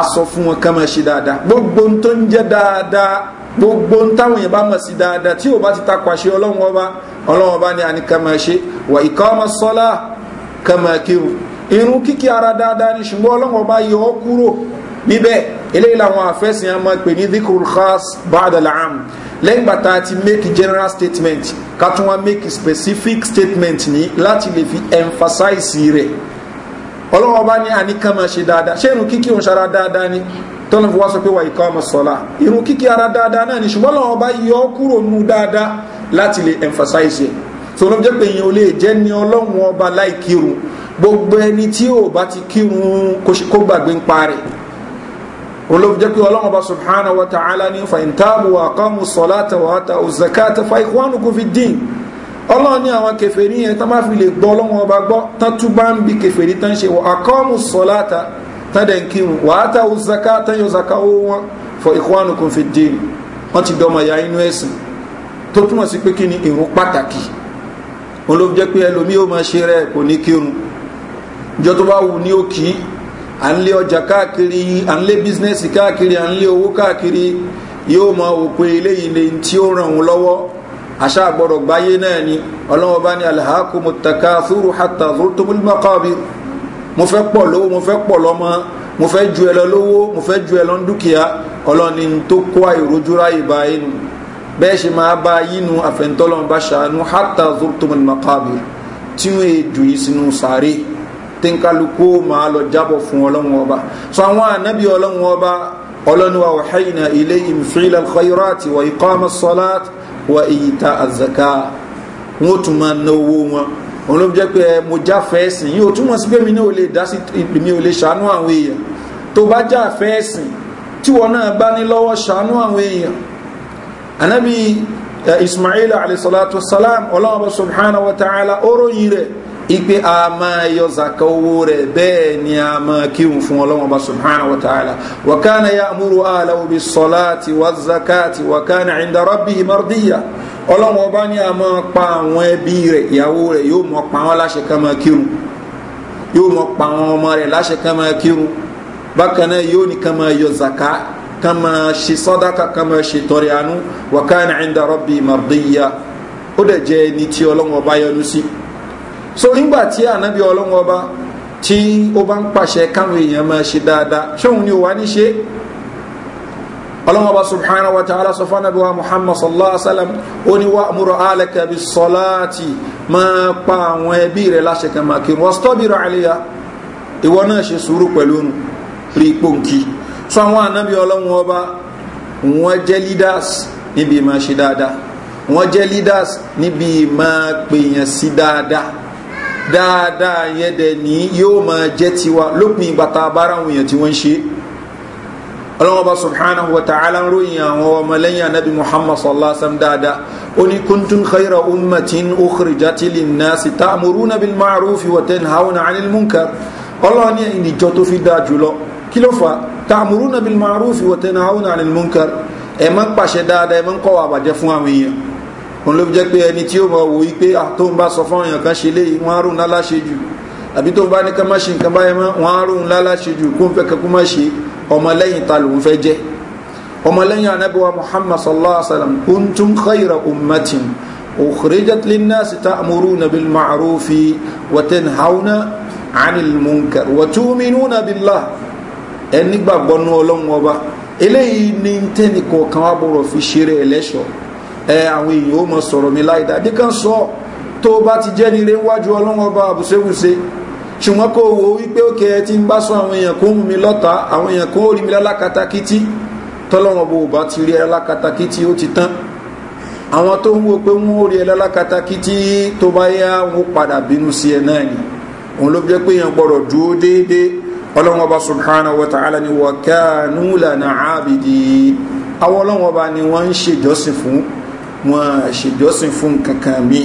aṣọ fún wọn ká máa ṣe dáadáa gbogbo ń tó ń jẹ́ dáadáa gbogbo ń táwọn yẹn bá mọ̀ sí dáadáa tí ò bá ti takpa ṣe ọlọ́wọ́n ọba ọlọ́wọ́n ọba ni a ká máa ṣe wà ìkọ́ ọmọ sọ́lá ká máa kírun irun kíkí ara dáadáa ni ṣùgbọ́n ọlọ́wọ́n ọba yọ ọ́ kúrò bíbẹ́ eléyìí làwọn àfẹ́sìn àmọ́ pè ní dhikr khas ba'dalaam lẹ́yìn bàtà àti make general statement ká tún wá make specific statement ní láti lè fi emphasize rẹ̀ ọlọ́wọ́ bá ní àníkàn máa ṣe dáadáa ṣé irun kíkí òun ṣara dáadáa ni tọ́nà fi wá sọ pé wà ìkọ́ ọmọ sọ́lá irun kíkí ara dáadáa náà ni ṣùgbọ́n lọ́wọ́ bá yọ kúrò nù dáadáa láti lè emphasize ẹ̀ tó ló jẹ́ pé èèyàn ò lè jẹ́ ní ọlọ́run ọba láì kírun gbogbo ẹni tí ò bá ti kírun kó gbàgbé ń pa olóòfin jẹ́ pé ọlọ́run ọba subhanahu wa ta'ala ní fa in tabu wa aqamu salata wa atu zakata fa ikhwanukum fi din ọlọ́run ní àwọn kèfèrí yẹn tán bá fi lè gbọ́ ọlọ́run ọba gbọ́ tán tún bá ń bi kèfèrí tán ṣe wa aqamu salata tán dẹ̀ ń kírun wa atu zakata owó wọn fa ikhwanukum fi din wọ́n ti dọ́mọ ya inú ẹ̀sìn tó túmọ̀ sí pé kí ni ìrun pàtàkì olóòfin jẹ́ pé ẹlòmíì ó máa ṣe rẹ̀ kò ní kírun ìjọ tó bá wù ní òkì à ń lé ọjà káàkiri à ń lé bísínẹ́sì káàkiri à ń lé owó káàkiri yóò máa wò pé eléyìí lè tí ó ràn òun lọ́wọ́ àṣà àgbọ̀dọ̀ gbáyé náà ni ọlọ́wọ́ bá ní alhakumu takathuru hatta zurtumul maqabir mo fẹ́ pọ̀ lówó mo fẹ́ pọ̀ lọ́mọ mo fẹ́ ju ẹ lọ lówó mo fẹ́ ju ẹ lọ dúkìá ọlọ́ni tó kó àìrójúra ìbá inú bẹ́ẹ̀ ṣe máa bá yínú àfẹ́ntọ́lọ́mọba ṣàánú hatta zurtumul maqabir tí wọ́n èdù yìí sínú sàárè tinkaluko máa lọ jábọ̀ fún ọlọ́run ọba so àwọn ànábì ọlọ́run ọba ọlọ́run wa wàhálà ilé ìmfìlẹ̀ khairati wa ikọ́mọ̀ sọ́lát wa ìyíta àzàká wọn tún máa ná owó wọn òun ló jẹ́ pé mo jáfẹ́ ẹ̀sìn yìí ó túmọ̀ sí pé mi náà lè dá sí mi ò lè ṣàánú àwọn èèyàn tó bá jáfẹ́ ẹ̀sìn tí wọn náà bá ní lọ́wọ́ ṣàánú àwọn èèyàn ànábì eh, ismail alayhi salatu wa salam ọlọ́run subhanahu wa ta'ala ó ròyìn rẹ̀ ipe a máa yọ zaka owó rẹ̀ bẹ́ẹ̀ ni a máa kírun fún ọlọ́wọ́n bá subhanahu wa ta'ala wa kana ya'muru ahlahu bis salati waz zakati wa kana 'inda rabbihi mardiya ọlọ́wọ́n bá ní a máa pa àwọn ẹbí rẹ̀ ìyàwó rẹ̀ yóò mọ̀ pa wọ́n láṣẹ ká máa kírun yóò mọ̀ pa àwọn ọmọ rẹ̀ láṣẹ ká máa kírun bákan náà yóò ní ká máa yọ zaka ká máa ṣe sàdákà ká máa ṣe tọrẹ àánú wa kana 'inda rabbihi mardiya ó dẹ̀ jẹ́ ẹni tí ọlọ́wọ́n bá yọ́nú sí. Si so nígbà tí ànábi ọlọ́wọ́n ọba tí ó bá ń pàṣẹ káwọn èèyàn máa ṣe dáadáa ṣóun ni ò wá ní ṣe ọlọ́wọ́n ọba subhanahu wa ta'ala sọ fún ànábi wa muhammad sallallahu alaihi wa sallam ó ní wà múrò alẹ́kẹ̀bi sọláàtì máa pa àwọn ẹbí rẹ̀ láṣẹ kan máa kírun wọ́stọ́bìrì àlẹ́yà ìwọ náà ṣe sùúrù pẹ̀lú rí pòǹkì so àwọn ànábi ọlọ́wọ́n ọba wọ́n jẹ́ leaders níbi ìmọ̀ ṣe dáadáa wọ́n jẹ́ leaders níbi ìmọ̀ pèèyàn sí dáadáa dáadáa yẹn dẹ̀ ní yóò máa jẹ́ tiwa lópin ìgbà tá a bára àwọn èèyàn tí wọ́n ń ṣe ọlọ́wọ́ba subhanahu wa ta'ala ń ròyìn àwọn ọmọlẹ́yìn anabi muhammad sallallahu alaihi wa sallam dáadáa ó ní kuntun khayra ummatin ukhrijati linnasi ta'muruna bil ma'rufi wa tanhauna 'anil munkar ọlọ́wọ́ ní ìjọ tó fi dáa jùlọ kí ló fà ta'muruna bil ma'rufi wa tanhauna 'anil munkar ẹ̀ máa ń pàṣẹ dáadáa ẹ̀ máa ń kọ́ wa àbàjẹ́ fún àwọn èèyàn òun ló fi jẹ́ pé ẹni tí ó mọ̀ wò wípé ah, tó ń bá sọ fún èèyàn kan ṣe léyìí wọ́n á rùn láláṣe jù àbí tó ń bá ní ká má ṣe nǹkan báyìí mọ́ wọ́n á rùn láláṣe jù kó ń fẹ́ kankú má ṣe ọmọlẹ́yìn ta lòun fẹ́ jẹ́ ọmọlẹ́yìn anábíwá muhammad sallallahu alaihi wa sallam kuntum khayra ummatin ukhrijat linnas ta'muruna bil ma'ruf wa tanhauna 'anil munkar wa tu'minuna billah ẹni gbàgbọ́ nu ọlọ́run ọba eléyìí ní tẹ́nìkọ̀ọ̀kan wà fi ṣeré ẹlẹ́ṣọ̀ọ́ e àwọn èèyàn ó mọ sọ̀rọ̀ mi láì dáadé kan sọ tó bá ti jẹ́ nílé wájú ọlọ́run ọba àbùsẹ́wùsẹ́ ṣùgbọ́n kó wo ti ń bá sọ àwọn mi lọ́ta àwọn èèyàn kó rí mi tọ́lọ́run ọba ò bá ti rí ẹ ti tán àwọn tó ń wo pé wọ́n ó rí ẹ lálákatakítí tó bá yá wọn padà bínú sí ẹ náà ni òun ló jẹ́ pé èèyàn gbọ́dọ̀ dúró déédéé wọn ṣèjọ́sìn fún kankan mi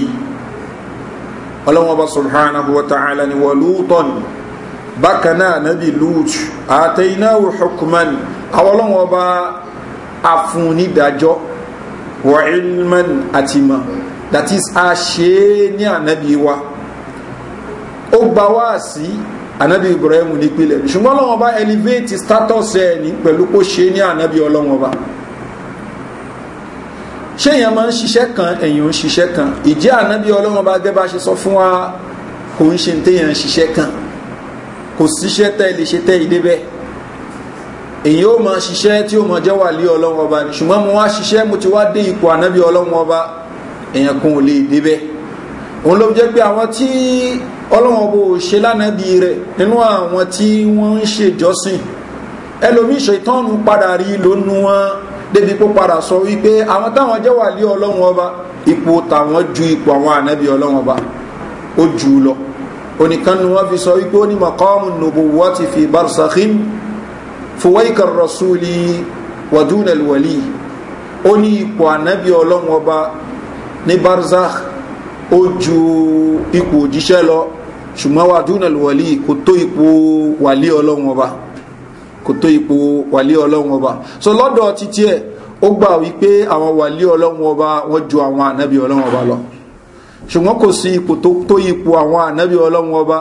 ọlọ́wọ́n bá subhanahu wa ta'ala ni wọ́n lóòótọ́ ni bákan náà nábì lóòtù àtẹ̀yìnáwó hukman àwọn bá afun nídàájọ́ wà ilman àtìmọ̀ that is a ṣe ní ànábì wa ó gba wá sí ànábì ibrahim nípìnlẹ̀ ṣùgbọ́n ọlọ́wọ́n bá elevate status ẹ̀ ní pẹ̀lú kó ṣe ní ànábì ọlọ́wọ́n bá ṣé èèyàn máa ń ṣiṣẹ́ kan èèyàn ń ṣiṣẹ́ kan ìjẹ́ ànábí ọlọ́run bá gẹ́bá ṣe sọ fún wa kò ń ṣe téèyàn ń ṣiṣẹ́ kan kò síṣẹ́ tẹ́ lè ṣe tẹ́ ilé bẹ́ẹ̀ èyí ó máa ṣiṣẹ́ tí ó máa jẹ́ wà lé ọlọ́run ọba ni ṣùgbọ́n mo wá ṣiṣẹ́ mo ti wá dé ipò ànábí ọlọ́run ọba èèyàn kan ò lè dé bẹ́ẹ̀ òun ló jẹ́ pé àwọn tí ọlọ́run ọba ò ṣe lánàbí rẹ̀ nínú àwọn tí wọ́n ń ṣèjọ́sìn ẹlòmíṣe ìtọ́nù padà rí lónú wọn débi kó padà sọ wípé àwọn táwọn jẹ́ wà lé ọlọ́run ọba ipò tàwọn ju ipò àwọn ànábì ọlọ́run ọba ó jù ú lọ onìkan ni wọ́n fi sọ wípé ó ní mọ̀kọ́mù nùbù wọ́n ti fi barsakhin fúwẹ́ìkà rasúlì wàdúnẹ̀lwẹ̀lì ó ní ipò ànábì ọlọ́run ọba ní barzakh ó ju ipò òjíṣẹ́ lọ ṣùgbọ́n wàdúnẹ̀lwẹ̀lì kò tó ipò wàlí ọlọ́run ọba kò tó ipò wàlí ọlọ́run ọba so lọ́dọ̀ títí ẹ̀ ó gbà wípé àwọn wàlí ọlọ́run ọba wọ́n ju àwọn ànábì ọlọ́run ọba lọ ṣùgbọ́n kò sí ipò tó tó ipò àwọn ànábì ọlọ́run ọba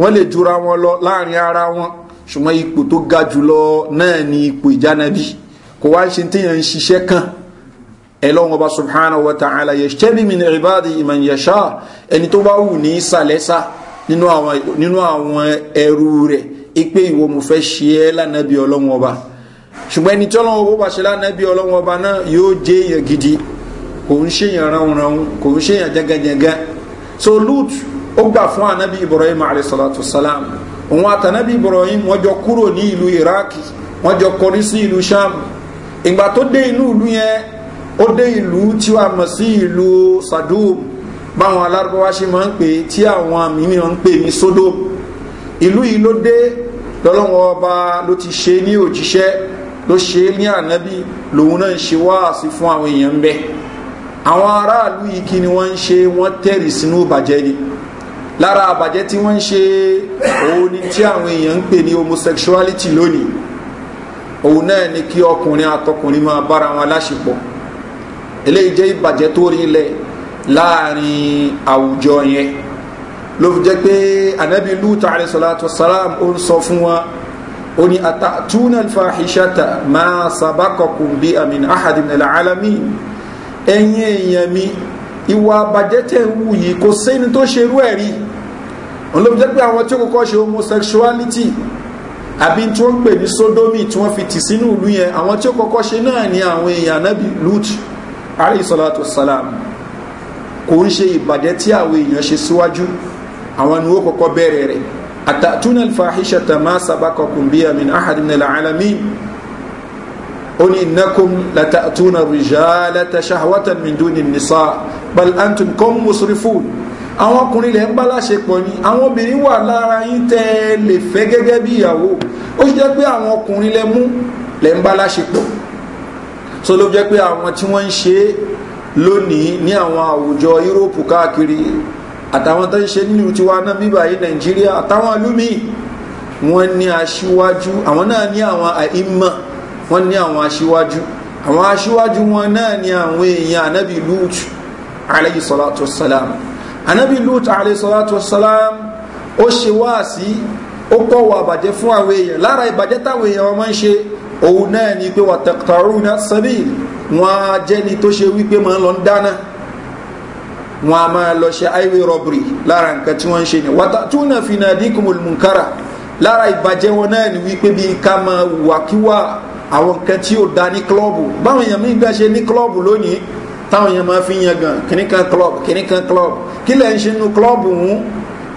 wọ́n lè jura wọn lọ láàrin ara wọn ṣùgbọ́n ipò tó ga jùlọ náà ni ipò ìjánabi kò wá ń ṣe téèyàn ṣiṣẹ́ kan ẹlọ́run ọba subhanahu wa ta'ala yashtabi min ribadi man yasha ẹni tó bá wù ní sàlẹ́sà nínú àwọn ẹrú rẹ̀ ipe ìwọ mo fẹ́ ṣe ẹ́ lánàbí ọlọ́run ọba ṣùgbọ́n ẹni tí ọlọ́run owó bá ṣe lánàbí ọlọ́run ọba náà yóò jẹ́ èèyàn gidi kò ń ṣèyàn ránunránun kò ń ṣèyàn jẹ́gẹ́jẹ́gẹ́ so lut ó gbà fún anabi ibrahim alayhisalatu salam òun àtànabi ibrahim wọ́n jọ kúrò ní ìlú iraki wọ́n jọ kọrí sí ìlú sham ìgbà tó dé inú ìlú yẹn ó dé ìlú tí wàá mọ̀ sí ìlú sadum báwọn alárúbáwá ṣe máa ń pè tí àwọn mímí máa ń pè ní sodom ìlú yìí ló dé lọ́lọ́wọ́ ọba ló ti ṣe ní òjíṣẹ́ ló ṣe ní ànábì lòun náà ń ṣe wáàsí fún àwọn èèyàn ń bẹ àwọn aráàlú yìí kí ni wọ́n ń ṣe wọ́n tẹ̀rì sínú ìbàjẹ́ ni lára àbàjẹ́ tí wọ́n ń ṣe òun ni tí àwọn èèyàn ń pè ní homosexuality lónìí òun náà ni kí ọkùnrin àtọkùnrin máa bára wọn láṣepọ̀ eléyìí jẹ́ ìbàjẹ́ tó rí ilẹ̀ láàrin àwùjọ yẹn ló fi jẹ́ pé anabi luta alayhisalatu salam ó ń sọ fún wa ó ní atatuna alfahishata ma sabakakum bi amin ahadi min alalamin ẹ̀yin èèyàn mi ìwà àbàjẹ́ tẹ̀ ń wù yìí kò sẹ́ni tó ṣerú ẹ̀ rí òun ló fi jẹ́ pé àwọn tí ó kọ́kọ́ ṣe homosexuality àbí tí wọ́n pè ní sodomi tí wọ́n fi tì sínú ìlú yẹn àwọn tí ó kọ́kọ́ ṣe náà ni àwọn èèyàn anabi luta alayhisalatu salam kò ń ṣe ìbàjẹ́ tí àwọn èèyàn ṣe síwájú. Si àwọn ni ó kọ́kọ́ bẹ̀rẹ̀ rẹ̀ àtàtúnà fàáhíṣàtà máa sabaqakum biha min ahadin minal alamin ó ní innakum latàtúnà rijalata shahwatan min duni nisa bal antum qawmun musrifun àwọn ọkùnrin lẹ̀ ń bá láṣepọ̀ ni àwọn obìnrin wà lára yín tẹ́ lè fẹ́ gẹ́gẹ́ bí ìyàwó ó ṣe jẹ́ pé àwọn ọkùnrin lẹ mú lẹ̀ ń bá láṣepọ̀ so ló jẹ́ pé àwọn tí wọ́n ń ṣe lónìí ní àwọn àwùjọ Yúróòpù káàkiri àtàwọn tó ń ṣe nínú tiwa náà bíbà yìí nàìjíríà àtàwọn alúmi wọn ní aṣíwájú àwọn náà ní àwọn àìmọ̀ wọn ní àwọn aṣíwájú àwọn aṣíwájú wọn náà ní àwọn èèyàn anábì lut alayhi salatu wasalam anábì lut alayhi salatu wasalam ó ṣe wá sí ó kọ́ wà bàjẹ́ fún àwọn èèyàn lára ìbàjẹ́ táwọn èèyàn wọn máa ń ṣe òun náà ni pé wà taqtaruna sabil wọn á jẹ́ni tó ṣe wípé máa ń lọ dáná wọn a máa lọ ṣe highway robbery lára nǹkan tí wọ́n ń ṣe ni wàtà tún náà fi náà dínkù mùlùmùkárà lára ìbàjẹ́ wọn náà ni wípé bíi ká máa wàkíwà àwọn nǹkan tí ó da ní klọ́ọ̀bù báwọn èèyàn mi gbà ṣe ní klọ́ọ̀bù lónìí táwọn èèyàn máa fi yan gan kìnní kan klọ́ọ̀bù kìnní kan klọ́ọ̀bù kí lẹ́ ń ṣe nu klọ́ọ̀bù ń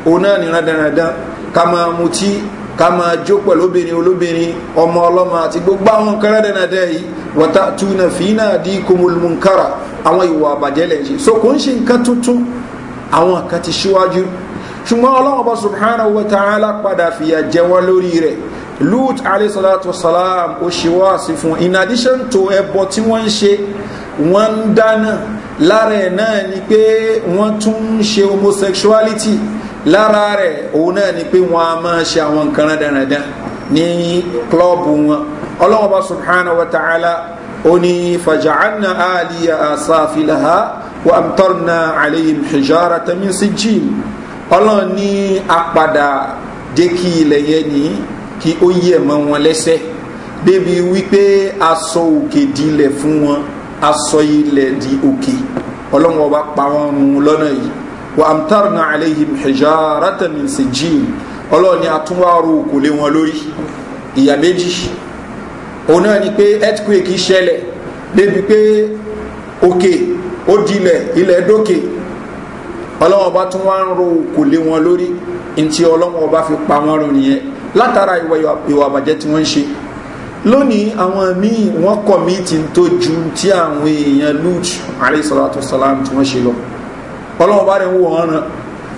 òun náà ní randanrandan ká máa mutí ká máa jó pẹ̀lú obìnrin olóbìnrin ọmọ ọlọ́mọ àti gbogbo àwọn nǹkan randanrandan yìí wata tuna fina di kumulmunkara àwọn ìwà àbàjẹ́ lẹ̀ ń ṣe so kò ń ṣe nǹkan tuntun àwọn kan ti ṣíwájú ṣùgbọ́n ọlọ́run ọba subhanahu wa ta'ala padà fìyà jẹ wọn lórí rẹ̀ lut alayhi salatu Salam ó ṣe wá sí fún in addition to ẹbọ tí wọ́n ń ṣe wọ́n ń dáná lára ẹ̀ náà ni pé wọ́n tún ń ṣe homosexuality lára rẹ̀ òun náà ni pé wọ́n a máa ṣe àwọn nǹkan rádaràdà ní klọ́ọ̀bù wọn ọlọ́wọ́n bá subhanahu wa ta'ala oni faja'anna aliya asafilaha wa amtarna alayhim hijarata min sijil ọlọ́run ní apadà jẹ́ kí ilẹ̀ yẹn ní kí ó yẹ̀ mọ́ wọn lẹ́sẹ̀ débi wípé aṣọ òkè di ilẹ̀ fún wọn aṣọ ilẹ̀ di òkè ọlọ́run ọba pa wọn run lọ́nà yìí wa amtarna alayhim hijarata min sijil ọlọ́run ní atúnwá ro wọn lórí ìyà méjì òun náà ni pé earthquake ṣẹlẹ̀ débi pé òkè ó dilẹ̀ ilẹ̀ dókè ọlọ́wọ́n bá tún wá ń ro kò lé wọn lórí ntí ọlọ́wọ́n bá fi pa wọn rùn nìyẹn látara ìwà àbàjẹ́ tí wọ́n ń ṣe lónìí àwọn míì wọ́n kọ̀ míì tí ń tó ju tí àwọn èèyàn lute alayhisalatu salam tí wọ́n ṣe lọ ọlọ́wọ́n bá rẹ̀ ń wò wọ́n ràn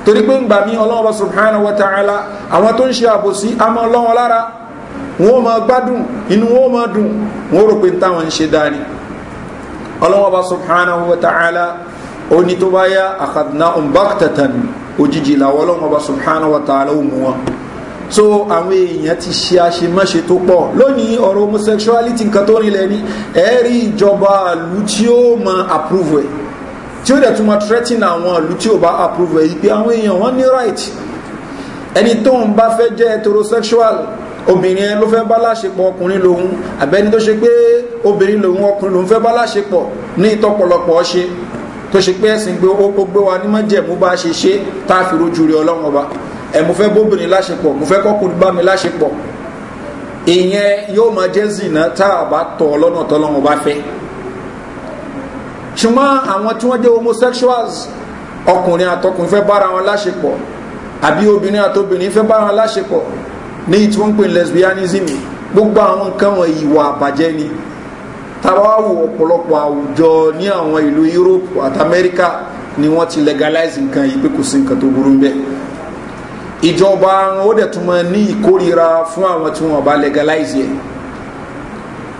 torí pé ń gbà mí ọlọ́wọ́n bá subhanahu wa ta'ala àwọn tó ń ṣe àbòsí àmọ́ ọlọ́wọ́n lára wọ́n máa gbádùn inú wọ́n máa dùn wọ́n rò pé táwọn ń ṣe dání ọlọ́wọ́ subhanahu wa ta'ala ó ní tó bá yá àkàdùnà ọ̀nbáktàtàn òjijì làwọn ọlọ́wọ́ subhanahu wa ta'ala ó mú wọn so àwọn èèyàn ti ṣe àṣemáṣe tó pọ̀ lónìí ọ̀rọ̀ homosexuality nǹkan tó rìnlẹ̀ ní ẹ̀rí ìjọba àlú tí ó mọ approve ẹ̀ tí ó dẹ̀ tún mọ threatening àwọn àlú tí ó bá approve ẹ̀ yìí pé àwọn èèyàn wọ́n ní right ẹni tó ń bá fẹ́ jẹ́ heterosexual obìnrin ẹ ló fẹ́ bá láṣepọ̀ ọkùnrin lòun àbẹ́ni tó ṣe pé obìnrin lòun ọkùnrin lòun fẹ́ bá láṣepọ̀ ní ìtọ́pọ̀lọpọ̀ ṣe tó ṣe pé ẹ̀sìn gbé ó gbé wa ní májẹ̀mú bá ṣe ṣe tá a fi rojú rí ọlọ́run ọba ẹ̀ mo fẹ́ bóbìnrin láṣepọ̀ mo fẹ́ kọ́kùnrin bá mi láṣepọ̀ ìyẹn yóò máa jẹ́ zìnà tá a bá tọ̀ lọ́nà tọ́lọ́run ọba fẹ́ ṣùgbọ́n àwọn tí wọ́n jẹ́ homosexuals ọkùnrin àtọkùnrin fẹ́ bára wọn láṣepọ̀ àbí obìnrin àtobìnrin fẹ́ bára wọn láṣepọ̀ ní tí wọ́n ń pè lesbianism gbogbo àwọn nǹkan wọn ìwà àbàjẹ́ ni tàbá wà wò ọ̀pọ̀lọpọ̀ àwùjọ ní àwọn ìlú europe àti america ni wọ́n ti legalize nǹkan yìí pé kò sí nǹkan tó burú bẹ́ẹ̀ ìjọba ó dẹ̀ tún máa ní ìkórira fún àwọn tí wọ́n bá legalize yẹn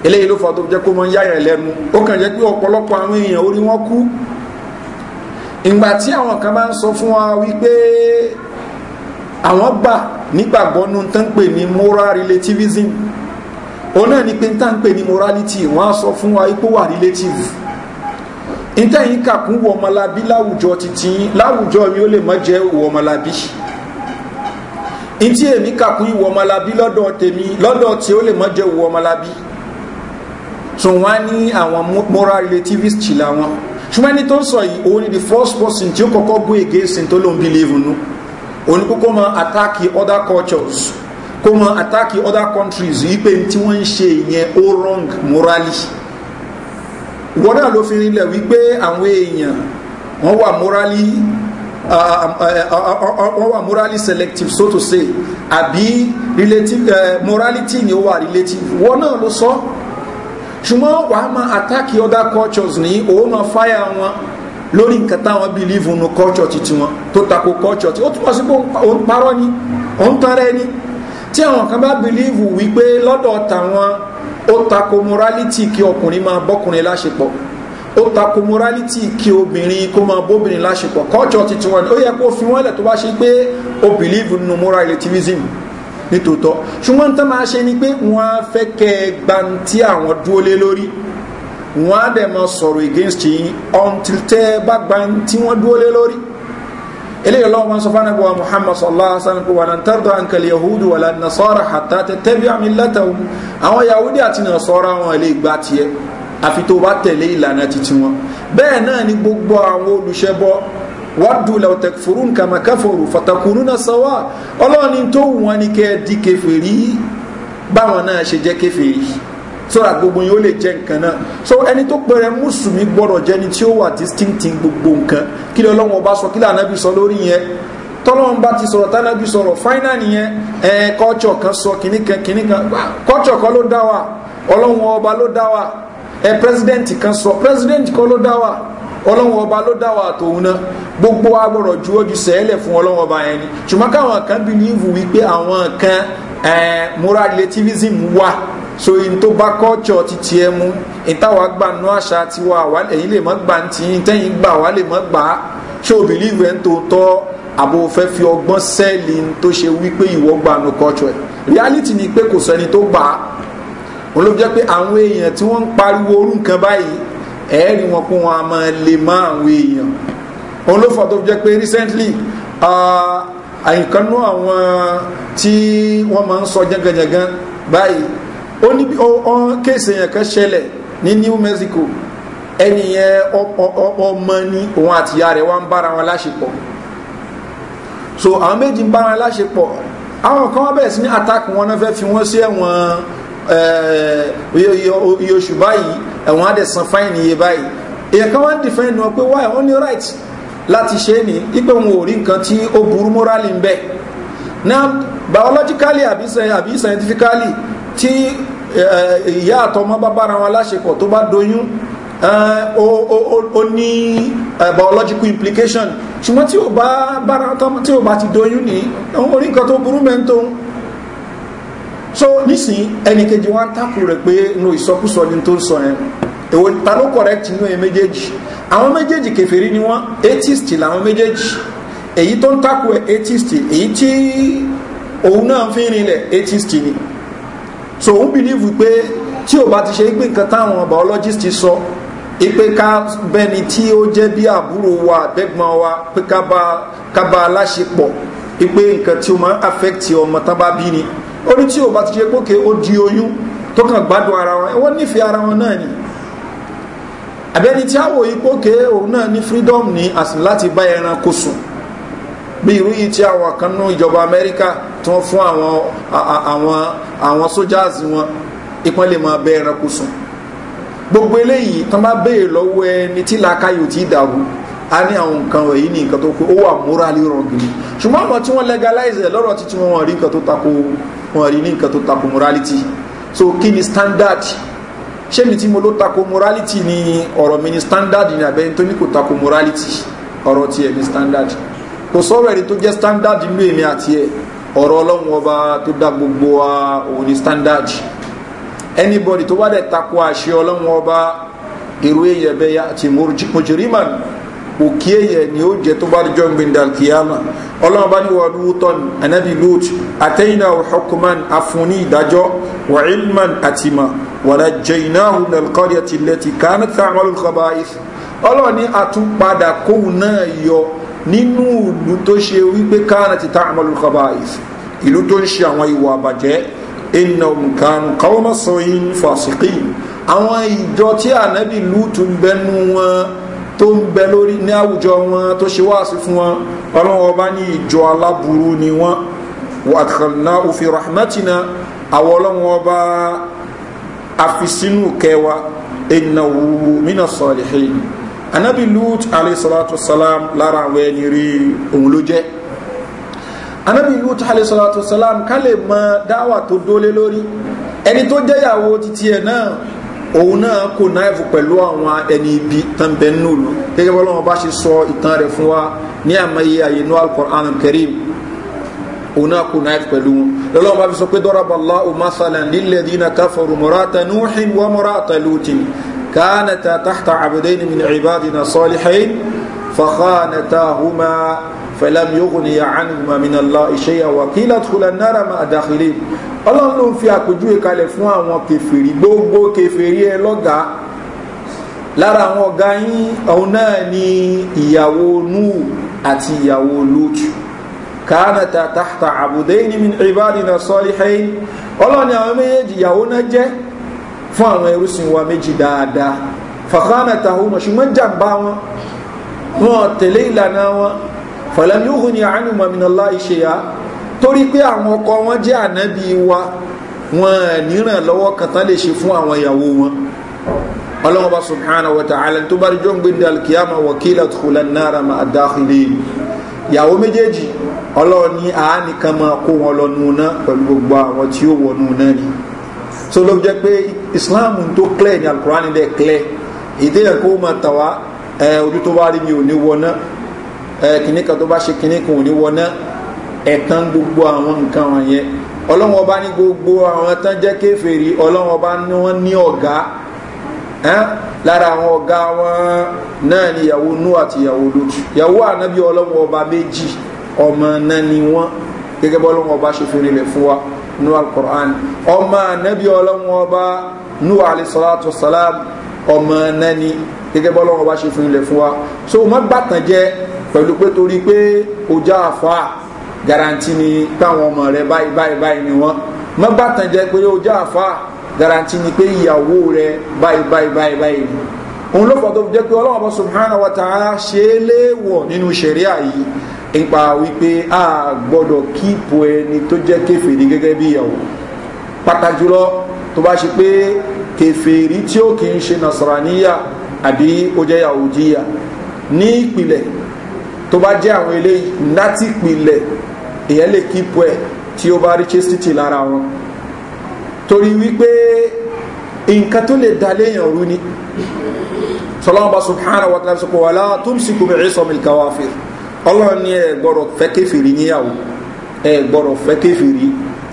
eléyìí ló fà tó jẹ́ kó mọ ń yáyàn lẹ́nu ó kàn jẹ́ pé ọ̀pọ̀lọpọ̀ àwọn èèyàn orí wọn kú ìgbà tí àwọn kan bá ń sọ fún wa wípé àwọn gbà nígbàgbọ́ nu tán pè ní moral relativism òun náà ni pé tán pè ní morality wọ́n á sọ fún wa ipò wà relative ntẹ́yìn kàkún wọ ọmọlábí láwùjọ títí láwùjọ mi ó lè mọ́ jẹ́ wọ ọmọlábí ntí èmi kàkún ìwọ ọmọlábí lọ́dọ̀ tèmi lọ́dọ̀ tí ó lè mọ́ jẹ́ wọ ọmọlábí tún wá ní àwọn moral relativist làwọn ṣùgbọ́n ẹni tó ń sọ yìí òun ni the first person tí ó kọ́kọ́ gbé ègé sin tó ló ń nù. No? òní kó kó máa attack other cultures kó máa attack other countries Ipe pé tí wọ́n ń ṣe ìyẹn ó wrong morally wọ́n náà ló fi rinlẹ̀ wípé àwọn èèyàn wọ́n wà morally wọ́n wà morally selective so to say àbí relative morality ni ó wà relative wọ́n náà ló sọ ṣùgbọ́n wàá máa attack other cultures ní òun máa fire wọn lórí nǹkan táwọn bìlíìfù nu kọ́ọ̀tsọ̀ titi wọn tó tako kọ́ọ̀tsọ̀ tí ó túmọ̀ sí pé ó parọ́ ni ó tọrẹ ni tí àwọn kan bá bìlíìfù wípé lọ́dọ̀ tàwọn ó tako morality kí ọkùnrin máa bọ́kùnrin láṣepọ̀ ó tako morality kí obìnrin kó máa bóbìnrin láṣepọ̀ kọ́ọ̀tsọ̀ titi wọn ó yẹ kó fi wọ́n lẹ̀ tó bá ṣe pé ó bìlíìfù nu moral relativism nítòótọ́ ṣùgbọ́n tán máa ṣe ni pé wọ́n á fẹ́ kẹ́ gbantí àwọn dúólé lórí wọ́n á dẹ̀ máa against yín until tẹ́ ẹ bá gba tí wọ́n dúró lé lórí eléyìí ọlọ́wọ́ máa sọ fún anagbọ́n muhammad sallallahu alaihi wa sallam wà lán tardọ̀ ankal yahudu wà lán nasara hatta tẹ tẹ́bi amilatahu àwọn yahudi àti nasara wọn lè gbà tiẹ̀ àfi tó bá tẹ̀lé ìlànà titi wọn bẹ́ẹ̀ náà ni gbogbo àwọn olùṣẹ́bọ wàdù law takfurun kama kafaru fatakununa sawa ọlọ́ọ̀ni tó wù wọn ni kẹ́ ẹ di kẹfẹ́rí báwọn náà ṣe jẹ́ kẹfẹ́rí sọ́ra gbogbo yóò lè jẹ́ nǹkan náà so ẹni tó pẹ̀rẹ̀ mùsùlùmí gbọ́dọ̀ jẹ́ ni tí ó wà distinctive gbogbo nǹkan kí lè ọlọ́run ọba sọ kí lè ànábì sọ lórí yẹn tọ́lọ́run bá ti sọ̀rọ̀ tánábì sọ̀rọ̀ fáínà nìyẹn ẹ kọ́ọ̀tsọ̀ kan sọ kìnnìkan kìnnìkan kọ́ọ̀tsọ̀ kan ló dá wa ọlọ́run ọba ló dá wa ẹ pírẹsidẹ́ǹtì kan sọ pírẹsidẹ́ǹtì kan ló dá wa ọlọ́wọ́n ọba ló dá wa àtòun náà gbogbo agbọ̀rọ̀ ju ojú sẹ́ẹ̀lẹ̀ fún ọlọ́wọ́n ọba yẹn ni ṣùgbọ́n káwọn kan bí ní ìwù wípé àwọn kan moral so in tó bá kọ́ọ̀tsọ̀ ti tiẹ̀ mu in táwa gbà nù àṣà tiwa àwa ẹ̀yin lè mọ́ gbà ntì in tẹ́yin gbà lè mọ́ gbà ṣé o bìlíìfù ẹ̀ ń tó tọ́ àbò fẹ́ fi ọgbọ́n sẹ́ẹ̀lì tó ṣe wípé ìwọ́ gbà nù kọ́ọ̀tsọ̀ ẹ̀ reality ni pé kò sẹ́ni tó gbà á wọn ló jẹ́ pé àwọn èèyàn tí wọ́n ń pariwo orú nǹkan báyìí ẹ̀ẹ́rì wọn kún wọn a máa lè má àwọn èèyàn wọn ló fọ́ tó jẹ́ pé recently àyìnkánú àwọn tí wọ́n máa ń sọ jẹ́gẹ́jẹ́gẹ́ báyìí ó ní ọ̀n kéèsì yẹn kan ṣẹlẹ̀ ní new mexico ẹni yẹn ọmọ ní òun àtìyá rẹ̀ wá ń bára wọn láṣepọ̀ so àwọn méjì ń bára wọn láṣepọ̀ àwọn kan wọ́n bẹ̀rẹ̀ sí ní attack wọn náà fẹ́ fi wọ́n sí ẹ̀wọ̀n iye oṣù báyìí ẹ̀wọ̀n á fáìn iye báyìí èèyàn kan wá ń defend wọn pé why only right láti ṣe é ní ipe wọn ò rí nǹkan tí ó burú morally ń bẹ̀ náà biologically àbí scientifically tí ìyá àtọmọ bá bára wọn láṣepọ̀ tó bá doyún ó ní biological implication ṣùgbọ́n tí ò bá bára tí ò bá ti doyún ní orí nǹkan tó burú mẹ́ńtó so nísìnyí ẹnìkejì wọn takò rẹ pé no ìsọkúsọ ni tó ń sọ yẹn èwo ta ló correct inú ẹ méjèèjì àwọn méjèèjì kẹfẹ́rí ni wọ́n atheist làwọn méjèèjì èyí tó ń takò ẹ atheist èyí tí òun náà fi ń rinlẹ̀ atheist ni so òun believe wípé tí ò bá ti ṣe pé nǹkan táwọn biologist sọ ipe ká bẹni tí ó jẹ́ bí àbúrò wa àbẹ́gbọ́n wa pé ká bá aláṣepọ̀ ipe nǹkan tí ó máa ń affect ọmọ tán bá bí ni ó ní tí ò bá ti ṣe pókè ó di oyún tó kàn gbádùn ara wọn wọ́n nífẹ̀ẹ́ ara wọn náà ni àbẹ́ni tí àwòyí pókè òun náà ní freedom ní àsìn láti bá ẹranko sùn bí irú yìí tí àwọn kan nú ìjọba amẹ́ríkà tí wọ́n fún àwọn àwọn àwọn sójáàsì wọn ìpọ́n lè máa bẹ ẹranko sùn gbogbo eléyìí tán bá béèrè lọ́wọ́ ẹni tí làákàyò tí dàrú a ní àwọn nǹkan wọ̀nyí ní nǹkan tó kó ó wà morally ṣùgbọ́n àwọn tí wọ́n legalize ẹ̀ lọ́rọ̀ títí wọn rí nǹkan tó tako wọn rí ní nǹkan tó tako morality so kí ni standard ṣé mi tí mo ló tako morality ni ọ̀rọ̀ mi ni standard ni àbẹ́ni tó ní kò tako morality ọ̀rọ̀ tiẹ̀ ni standard kò sọ̀rọ̀ ẹni tó jẹ́ standard nínú èmi àti ẹ̀ ọ̀rọ̀ ọlọ́run ọba tó dá gbogbo wa òun ni standard anybody tó bá dẹ̀ takò àṣẹ ọlọ́run ọba irú èyẹ bẹ́ẹ̀ yá àti mojiriman òkè èyẹ ni ó jẹ́ tó bá jọ gbendal kiyama ọlọ́run bá ní wà lóòótọ́ ni anabi lut àtẹ́yìnà ọ̀họ́kùnman afúnni ìdájọ́ wà ilman àtìmá wàlá jẹ́yìnà ọ̀hún alkọ́rẹ́ tilẹ̀ ti kánú tààmọ́lù kọ́báyé ọlọ́run ní àtúnpadà kóhùn náà yọ nínú ìlú tó ṣe wípé káàna ti ta àmàlù kaba ìsì ìlú tó ń ṣe àwọn ìwà àbàjẹ́ iná nǹkan kọ́wọ́mọ́ sọ yín fàṣíkì àwọn ìjọ tí ànábì lùtù ń bẹnu wọn tó ń bẹ lórí ní àwùjọ wọn tó ṣe wáàsí fún wọn ọlọ́wọ́n ọba ní ìjọ aláburú ni wọn wàtàkàlná òfin rahmatina àwọn ọlọ́wọ́n ọba àfisínú kẹwa ìnáwó mínà sọ̀rìhìn anabi lut alayhisalatu wasalam lára àwọn ẹni rí òun ló jẹ́ anabi lut alayhisalatu wasalam ká lè mọ dáwà tó dólé lórí ẹni tó jẹ́yàwó títí ẹ̀ náà òun náà kò náìfù pẹ̀lú àwọn ẹni ibi tán bẹ́ẹ̀ nù gẹ́gẹ́ bọ́lá wọn bá ṣe sọ ìtàn rẹ̀ fún wa ní àmọ́yé àyè nù al òun náà kò náìfù pẹ̀lú wọn lọ́lọ́wọ́n bá fi sọ pé daraba Allahu mathalan lilladhina kafaru murata nuhin wa murata lutin كانتا تحت عبدين من عبادنا صالحين فخانتاهما فلم يغني عنهما من الله شيئا وقيل ادخلا النار مع الداخلين ọlọ́run ló ń fi àpèjúwe kalẹ̀ fún àwọn kẹfìrí gbogbo kẹfìrí ẹ lọ́gà lára àwọn ọ̀gá yín ọ̀hún náà ni ìyàwó nùú àti ìyàwó lótù kánàtà tàhtà àbùdé ní ibádìí náà sọ́ọ́lì ẹ̀yìn ọlọ́run àwọn méjèèjì ìyàwó náà jẹ́ fún àwọn ẹrúsìn wa méjì dáadáa fàkànà tàhùmà ṣùgbọ́n jàǹbá wọn wọn tẹ̀lé ìlànà wọn fàlàmì òhun ni àánú mọ̀mìnàlá ìṣẹ̀yà torí pé àwọn ọkọ wọn jẹ́ ànábì wa wọn níran lọ́wọ́ kan lè ṣe fún àwọn ìyàwó wọn ọlọ́wọ́ bá subhanahu wa ta'ala tó bá rí jọ́ ń gbé dalkiyama wakila tukula nara ma adáhìlì ìyàwó méjèèjì ọlọ́wọ́ ní àánìkan máa kó wọn lọ nù pẹ̀lú gbogbo àwọn tí ó wọ nù ni so ló jẹ́ pé islam tó clear ní alukur'an dẹ̀ clear ìdí yẹn kó máa tà wá ojú tó bá rí mi ò ní wọná kìnnì kan tó bá ṣe kìnnì kan ò ní wọná ẹ̀tàn gbogbo àwọn nǹkan wọ̀nyẹn ọlọ́wọ́n bá ní gbogbo àwọn tán jẹ́ kéferì ọlọ́wọ́n bá ní wọ́n ní ọ̀gá lára àwọn ọ̀gá wọn náà ni ìyàwó nú àti ìyàwó lójú ìyàwó ànábì ọlọ́wọ́n ọba méjì ọmọ náà ni wọ́n gẹ́gẹ́ bọ́ ọlọ́wọ́n ọba ṣe fèrè rẹ̀ fún wa nu alukur'an ọmọ anabi ọlọ́wọ́n ọba nu alayisalaatu salam ọmọ nani gẹ́gẹ́ bọ́ ọlọ́wọ́n ọba ṣe fún ilẹ̀ fún wa so má gbàtàn jẹ pẹ̀lú pé torí pé ọjà àfa garanti ni táwọn ọmọ rẹ báyìí báyìí báyìí ni wọn má gbàtàn jẹ pé ọjà àfa garanti ni pé ìyàwó rẹ báyìí báyìí báyìí báyìí ni òun ló fọ́ tó jẹ́ pé subhanahu wa ta'ala ṣe é léèwọ̀ nínú ṣẹ̀ríà nípa wípé a gbọ́dọ̀ kíìpù ẹni tó jẹ́ kẹfìrí gẹ́gẹ́ bí ìyàwó pàtàkì jùlọ tó bá ṣe pé kẹfìrí tí ó kì í ṣe nasaraniya àbí ó jẹ́ yahudiya ní ìpìlẹ̀ tó bá jẹ́ àwọn eléyìí láti ìpìlẹ̀ èyàn lè kíìpù ẹ̀ tí ó bá rí chastity lára wọn torí wípé nǹkan tó lè dá léèyàn rú ni sọlọ́mọba subhanahu wa ta'ala sọ wàlá tó ń sìnkú bẹ̀rẹ̀ sọmìlì káwáfíì ọlọ́run ní ẹ gbọ́dọ̀ fẹ́ kéfìrí níyàwó ẹ gbọ́dọ̀ fẹ́ kéfìrí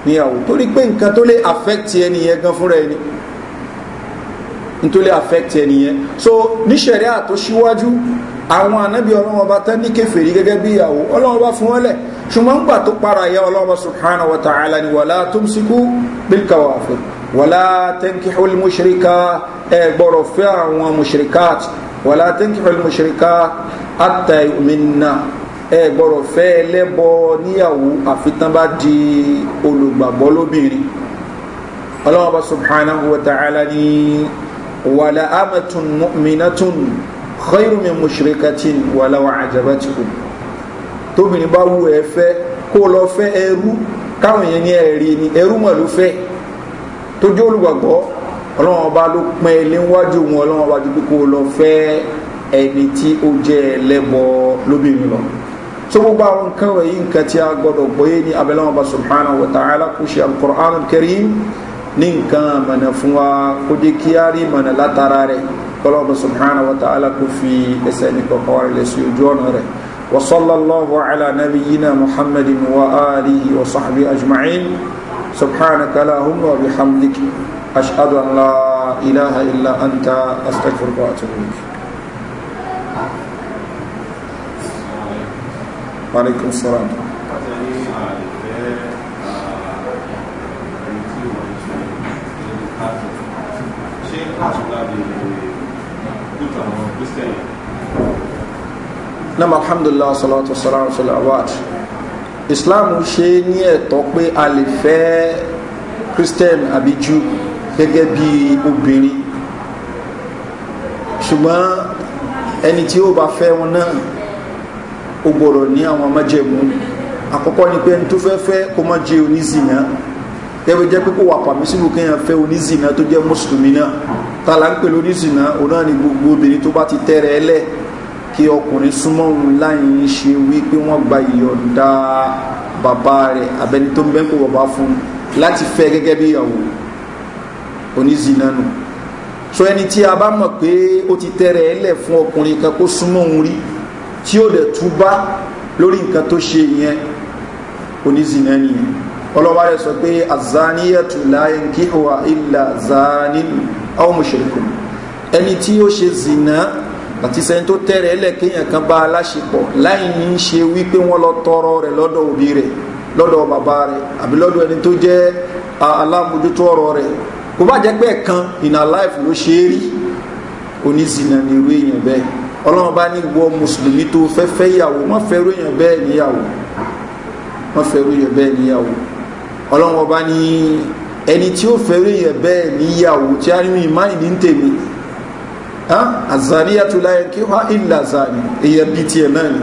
níyàwó torí pé nǹkan tó lè affect ẹni gan fúnra ẹni n tó lè affect ẹni yẹn so níṣẹ̀rí àtó síwájú àwọn anábì ọlọ́run ọba tán ní kéfìrí gẹ́gẹ́ bí ìyàwó ọlọ́run ọba fún wọn lẹ̀ ṣùgbọ́n gbà tó para ya ọlọ́run subhana wa ta'ala ni tó ń sikú bílkàwà fún wàlá tẹ́ńkì hul mushrika ẹ gbọ́dọ̀ fẹ́ àwọn mushrika ولا tẹ́kìfẹ́ mọ̀ṣẹ̀ríkà àtà ìmìnà ẹ gbọ́dọ̀ fẹ́ ẹlẹ́bọ níyàwó àfitán bá di olùgbàgbọ́ lóbìnrin ọlọ́wọ́n bá subhanahu wa ta'ala ni wàlá amatun mu'minatun khairu min mushrikatin wàlá wa ajabatikum tóbìnrin bá wù ẹ fẹ́ kó lọ fẹ́ ẹrú káwọn yẹn ní ẹ̀rí ni ẹrú mọ̀ ló fẹ́ tó jẹ́ ọlọ́run ọba ló pẹ́ ilé wájú wọn ọlọ́run ọba ju pé kó lọ fẹ́ ẹni tí ó jẹ́ ẹlẹ́bọ lóbìnrin lọ so gbogbo àwọn nǹkan wọ̀nyí nǹkan tí a gbọ́dọ̀ gbọ́yé ní abẹ́lẹ́wọ̀n ọba subhanahu wa ta'ala kò ṣe alukur'an kẹrin ní nǹkan mọ̀nà fún wa kó dé kí á rí mọ̀nà látara rẹ̀ kọlọ́ọ̀bù subhanahu wa ta'ala kò ẹsẹ̀ ní kọ̀kọ́ rẹ̀ lè sí ojú ọ̀nà rẹ̀ وصلى الله على نبينا محمد وآله وصحبه أجمعين سبحانك اللهم وبحمدك أشهد أن لا إله إلا أنت أستغفرك وأتوب إليك وعليكم السلام nam alhamdulilah salatu wasalam fil awad islam ṣe ní ẹ̀tọ́ pé a lè fẹ́ christian àbí gẹ́gẹ́ bí obìnrin ṣùgbọ́n ẹni tí ó bá fẹ́ wọn náà ó gbọ́dọ̀ ní àwọn májẹ̀mú àkọ́kọ́ ni pé ẹni tó fẹ́ fẹ́ kó má jẹ onízìnà gẹ́gẹ́ jẹ́ pé kó wà pàmísìlù kéèyàn fẹ́ onízìnà tó jẹ́ mùsùlùmí náà tààlà ń pè lónízìnà òun náà ni gbogbo obìnrin tó bá ti tẹ́rẹ̀ ẹlẹ́ kí ọkùnrin súnmọ́ òun láyìn ṣe wí pé wọ́n gba ìyọ̀ǹda bàbá rẹ̀ abẹni tó ń bẹ́ńkò bàbá fún láti fẹ́ gẹ́gẹ́ bí ìyàwó onízinanu so ẹni tí a bá mọ̀ pé ó ti tẹ́rẹ̀ ẹlẹ̀ fún ọkùnrin kan kó súnmọ́ òun rí tí ó dẹ̀ túbá lórí nǹkan tó ṣe yẹn onízinanu yẹn ọlọ́wà rẹ̀ sọ pé azaniyatu láyé kí wà ilà zaninu àwọn mùsùlùmí ẹni tí ó ṣe zina àti sẹ́ni tó tẹ́rẹ̀ ẹlẹ̀ kéèyàn kan bá aláṣepọ̀ láì ní í ṣe wípé wọ́n lọ tọrọ rẹ̀ lọ́dọ̀ òbí rẹ̀ lọ́dọ̀ bàbá rẹ̀ àbí lọ́dọ̀ ẹni tó jẹ́ alámójútó ọ̀rọ̀ rẹ̀ kò bá jẹ́ pé ẹ̀kan in our life ló ṣe é rí oníṣìnà ni irú èèyàn bẹ́ẹ̀ ọlọ́run bá ní wọ mùsùlùmí tó fẹ́ fẹ́ ìyàwó má fẹ́ irú èèyàn bẹ́ẹ̀ níyàwó má fẹ́ irú èèyàn bẹ́ẹ̀ níyàwó ọlọ́run ọba ní ẹni tí ó fẹ́ irú èèyàn bẹ́ẹ̀ níyàwó tí a rí mi má ní tèmi azaniya tó láyé kí wá ìlà zani èèyàn bíi tiẹ̀ náà ni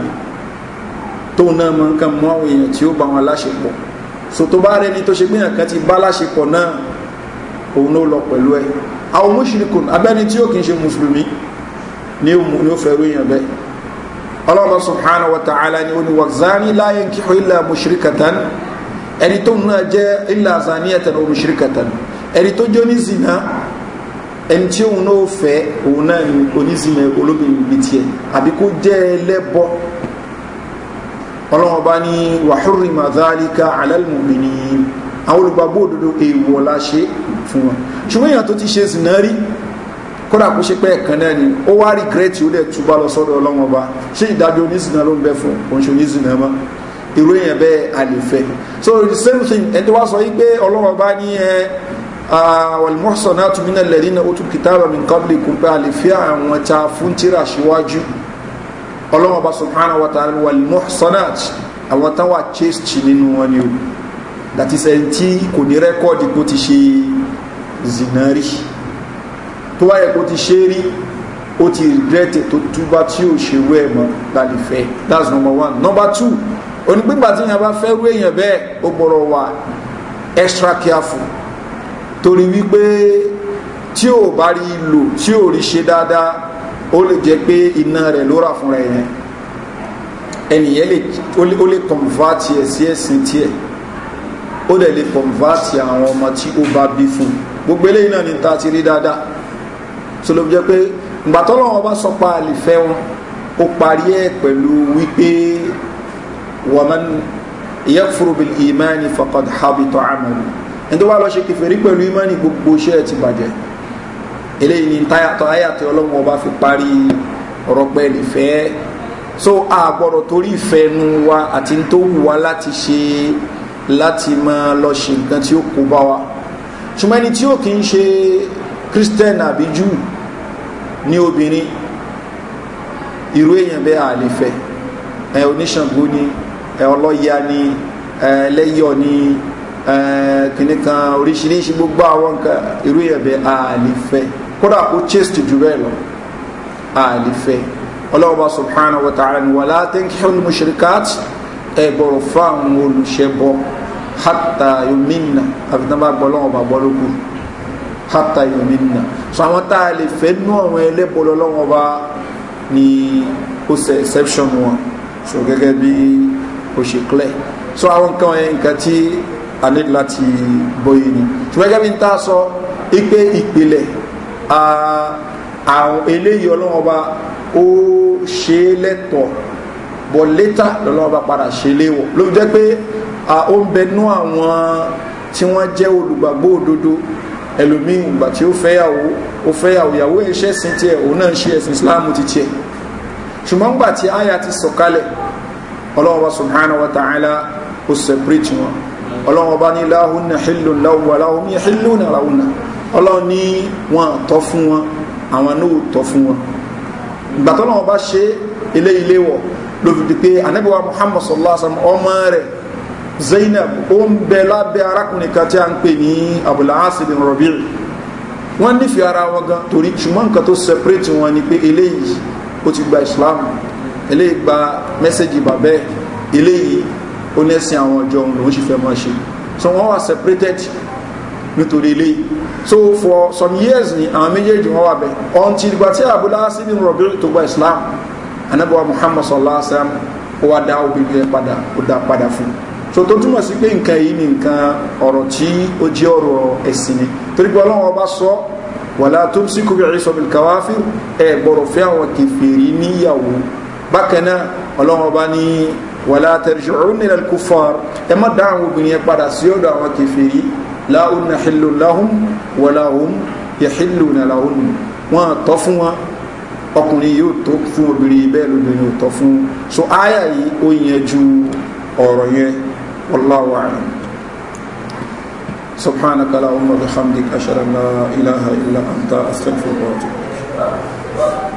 tó náà mọ nǹkan mọ́ àwọn èèyàn tí ó bá wọn láṣepọ̀ òun ló lọ pẹ̀lú ẹ àwọn mushrikun abẹ́ni tí ó kìí ṣe mùsùlùmí ni ó fẹ́ èèyàn bẹ́ẹ̀ ọlọ́run subhanahu wa ta'ala ni ó ní wàzání láyé ń kíkọ́ ilà mushrikatan ẹni tó náà jẹ́ ilà zaniyatan o mushrikatan ẹni tó jẹ́ onízìnà ẹni tí òun náà fẹ́ òun náà ni onízìnà olóbìnrin bíi tiẹ̀ àbí kó jẹ́ ẹlẹ́bọ ọlọ́run ọba ní wàhúrì màdálíkà alálùmọ̀mìnì àwọn olùgbàgbọ́ òdodo èèwọ̀ la ṣe fún wọn ṣùgbọ́n èèyàn tó ti ṣe sìnà rí kódà kó ṣe pé ẹ̀kan náà ni ó wá rìgírẹ́tì ó dẹ̀ túbá lọ sọ́dọ̀ ọlọ́wọ́n ọba ṣé ìdájọ́ oníṣìnà ló ń bẹ fún oṣù oníṣìnà mọ́ irú èèyàn bẹ́ẹ̀ a lè fẹ́ so the same thing ẹni tó wá sọ yí pé ọlọ́wọ́n ọba ní ẹ wàlmọ́sọ̀nàtù mínà lẹ́rìnà ó tún kìtàbà mi kọ́bílì kún pé a lè fi àwọn ta fún tíra síwájú dàtí sẹ́yìn tí kò ní rẹ́kọ́ọ̀dì kó ti ṣe zìnà rí tó wáyé kó ti ṣe rí ó ti rẹ́tẹ̀ tó túbá tí ò ṣe wẹ́ mọ́ láti fẹ́ that's number one number two onígbígbà tí yẹn bá fẹ́ rú èèyàn bẹ́ẹ̀ ó gbọ́dọ̀ wà extra careful torí wípé tí ò bá rí lò tí ò rí ṣe dáadáa ó lè jẹ́ pé iná rẹ̀ ló rà fúnra ẹ̀yẹn ẹnìyẹn ó lè convert ẹ̀ sí ẹ̀sìn tiẹ̀ ó dẹ̀ lè kọ̀nvátì àwọn ọmọ tí ó bá bí fún gbogbo eléyìí náà ni ta ti rí dáadáa tó ló jẹ́ pé ìgbàtọ́lọ́wọ́ bá sọ pa àlìfẹ́ wọn ó parí ẹ̀ pẹ̀lú wípé wọ́n yẹ́fúrú bí ìmáni fọkàn hábitọ̀ àmàlù ẹni tó bá lọ ṣe kẹfẹ́rí pẹ̀lú ìmáni gbogbo iṣẹ́ ẹ̀ ti bàjẹ́ eléyìí ni táyàtọ̀ ayàtọ̀ ọlọ́wọ́ bá fi parí ọ̀rọ̀ pẹ̀ àlìfẹ́ so àgbọ̀rọ̀ torí ìfẹ́ nu wa àti tó wù wá láti ṣe láti máa lọ ṣe nǹkan tí ó kó bá wa ṣùgbọ́n ẹni tí ó kì í ṣe christian àbí ní obìnrin irú èèyàn bẹ́ẹ̀ àlefẹ́ ẹ oníṣàngó ni ẹ ọlọ́ya ni ẹ lẹ́yọ̀ ni ẹ kìnnìkan oríṣiríṣi gbogbo àwọn nǹkan irú èèyàn bẹ́ẹ̀ àlefẹ́ kódà ó chaste jù bẹ́ẹ̀ lọ àlefẹ́ ọlọ́wọ́ bá subhanahu wa ta'ala ni wàlá tẹ́ńkì hàn mùsùlùmí ẹ gbọ́rọ̀ fáwọn olùṣẹ́bọ hata yomina àfi tán bá gbọ́ lọ́wọ́ bá gbọ́ lókù hata yomina so àwọn tá a lè fẹ́ nú àwọn ẹlẹ́bọ lọ́wọ́ bá ní ó ṣe exception wọn so gẹ́gẹ́ bí ó ṣe clear so àwọn nǹkan ẹ̀ nǹkan tí a ní láti bóyí ni ṣùgbọ́n gẹ́gẹ́ bí n ta sọ ipe ìpìlẹ̀ àwọn eléyìí ọlọ́wọ́ bá ó ṣe lẹ́tọ̀ọ́ bọ̀ létà lọ́lọ́wọ́ bá padà ṣe léwọ̀ ló jẹ́ pé ó ń bẹnú àwọn tí wọ́n jẹ́ olùgbàgbọ́ òdodo ẹlòmíì ìgbà tí ó fẹ́yàwó ó fẹ́yàwó ìyàwó iṣẹ́ sin tiẹ̀ òun náà ń ṣe ẹ̀sìn islam ti tiẹ̀ ṣùgbọ́n gbà tí aya ti sọ̀kalẹ̀ ọlọ́wọ́ bá subhanahu wa ta'ala ó separate wọn ọlọ́wọ́ bá ní láhùn náà hìlùn láhùn wà láhùn yẹn hìlùn náà láhùn náà ọlọ́wọ́ ní wọn àtọ́ fún wọn àwọn náà ò tọ́ fún wọn ìgbà tọ́lọ́wọ́ bá ṣe eléyìí léwọ̀ ló fi di pé anabi wa muhammad sallallahu alaihi wa sallam ọmọ rẹ̀ zainab ó ń bẹ lábẹ́ arákùnrin kan tí a ń bin rabi'i wọ́n nífẹ̀ẹ́ ara wọn gan torí ṣùgbọ́n nǹkan tó separate wọn ni pé eléyìí ó ti gba islam eléyìí gba mẹ́sẹ̀gì bàbẹ́ eléyìí ó nẹ́sìn àwọn ọjọ́ òun lòún sì fẹ́ máa ṣe so wọ́n wà separated nítorí eléyìí so for some years ni àwọn méjèèjì wọ́n wà bẹ́ẹ̀ ọ̀n ti ìgbà tí abúlá síbi rọ̀bí tó gba islam anabiwa muhammad sallallahu alaihi wa sallam ó wá dá obìnrin yẹn padà ó dá padà fún un so tó túmọ̀ sí pé nǹkan yìí ni nǹkan ọ̀rọ̀ tí ó jẹ́ ọ̀rọ̀ ẹ̀sìn ni torí pé ọlọ́run ọba sọ wàlá tó ń síkú bí ìsọ̀bì kàwáfì ẹ̀ gbọ́dọ̀ fẹ́ àwọn kẹfìrí níyàwó bákan náà ọlọ́run ọba ní wàlá tẹ̀rẹ̀ṣẹ̀ òun nílẹ̀ kó far ẹ má dá àwọn obìnrin yẹn padà sí ọ̀dọ̀ àwọn kẹfìrí láhùn náà xìlò láhùn wàlá hùn yẹ xìlò náà láhùn wọn tọ́ fún wọn ọkùnrin yóò tó fún obìnrin bẹ́ẹ̀ lóbìnrin ò tọ́ fún so aya yìí ó yẹn ju ọ̀rọ̀ yẹn wallahu a'lam سبحانك اللهم وبحمدك اشهد ان لا اله الا انت استغفرك واتوب اليك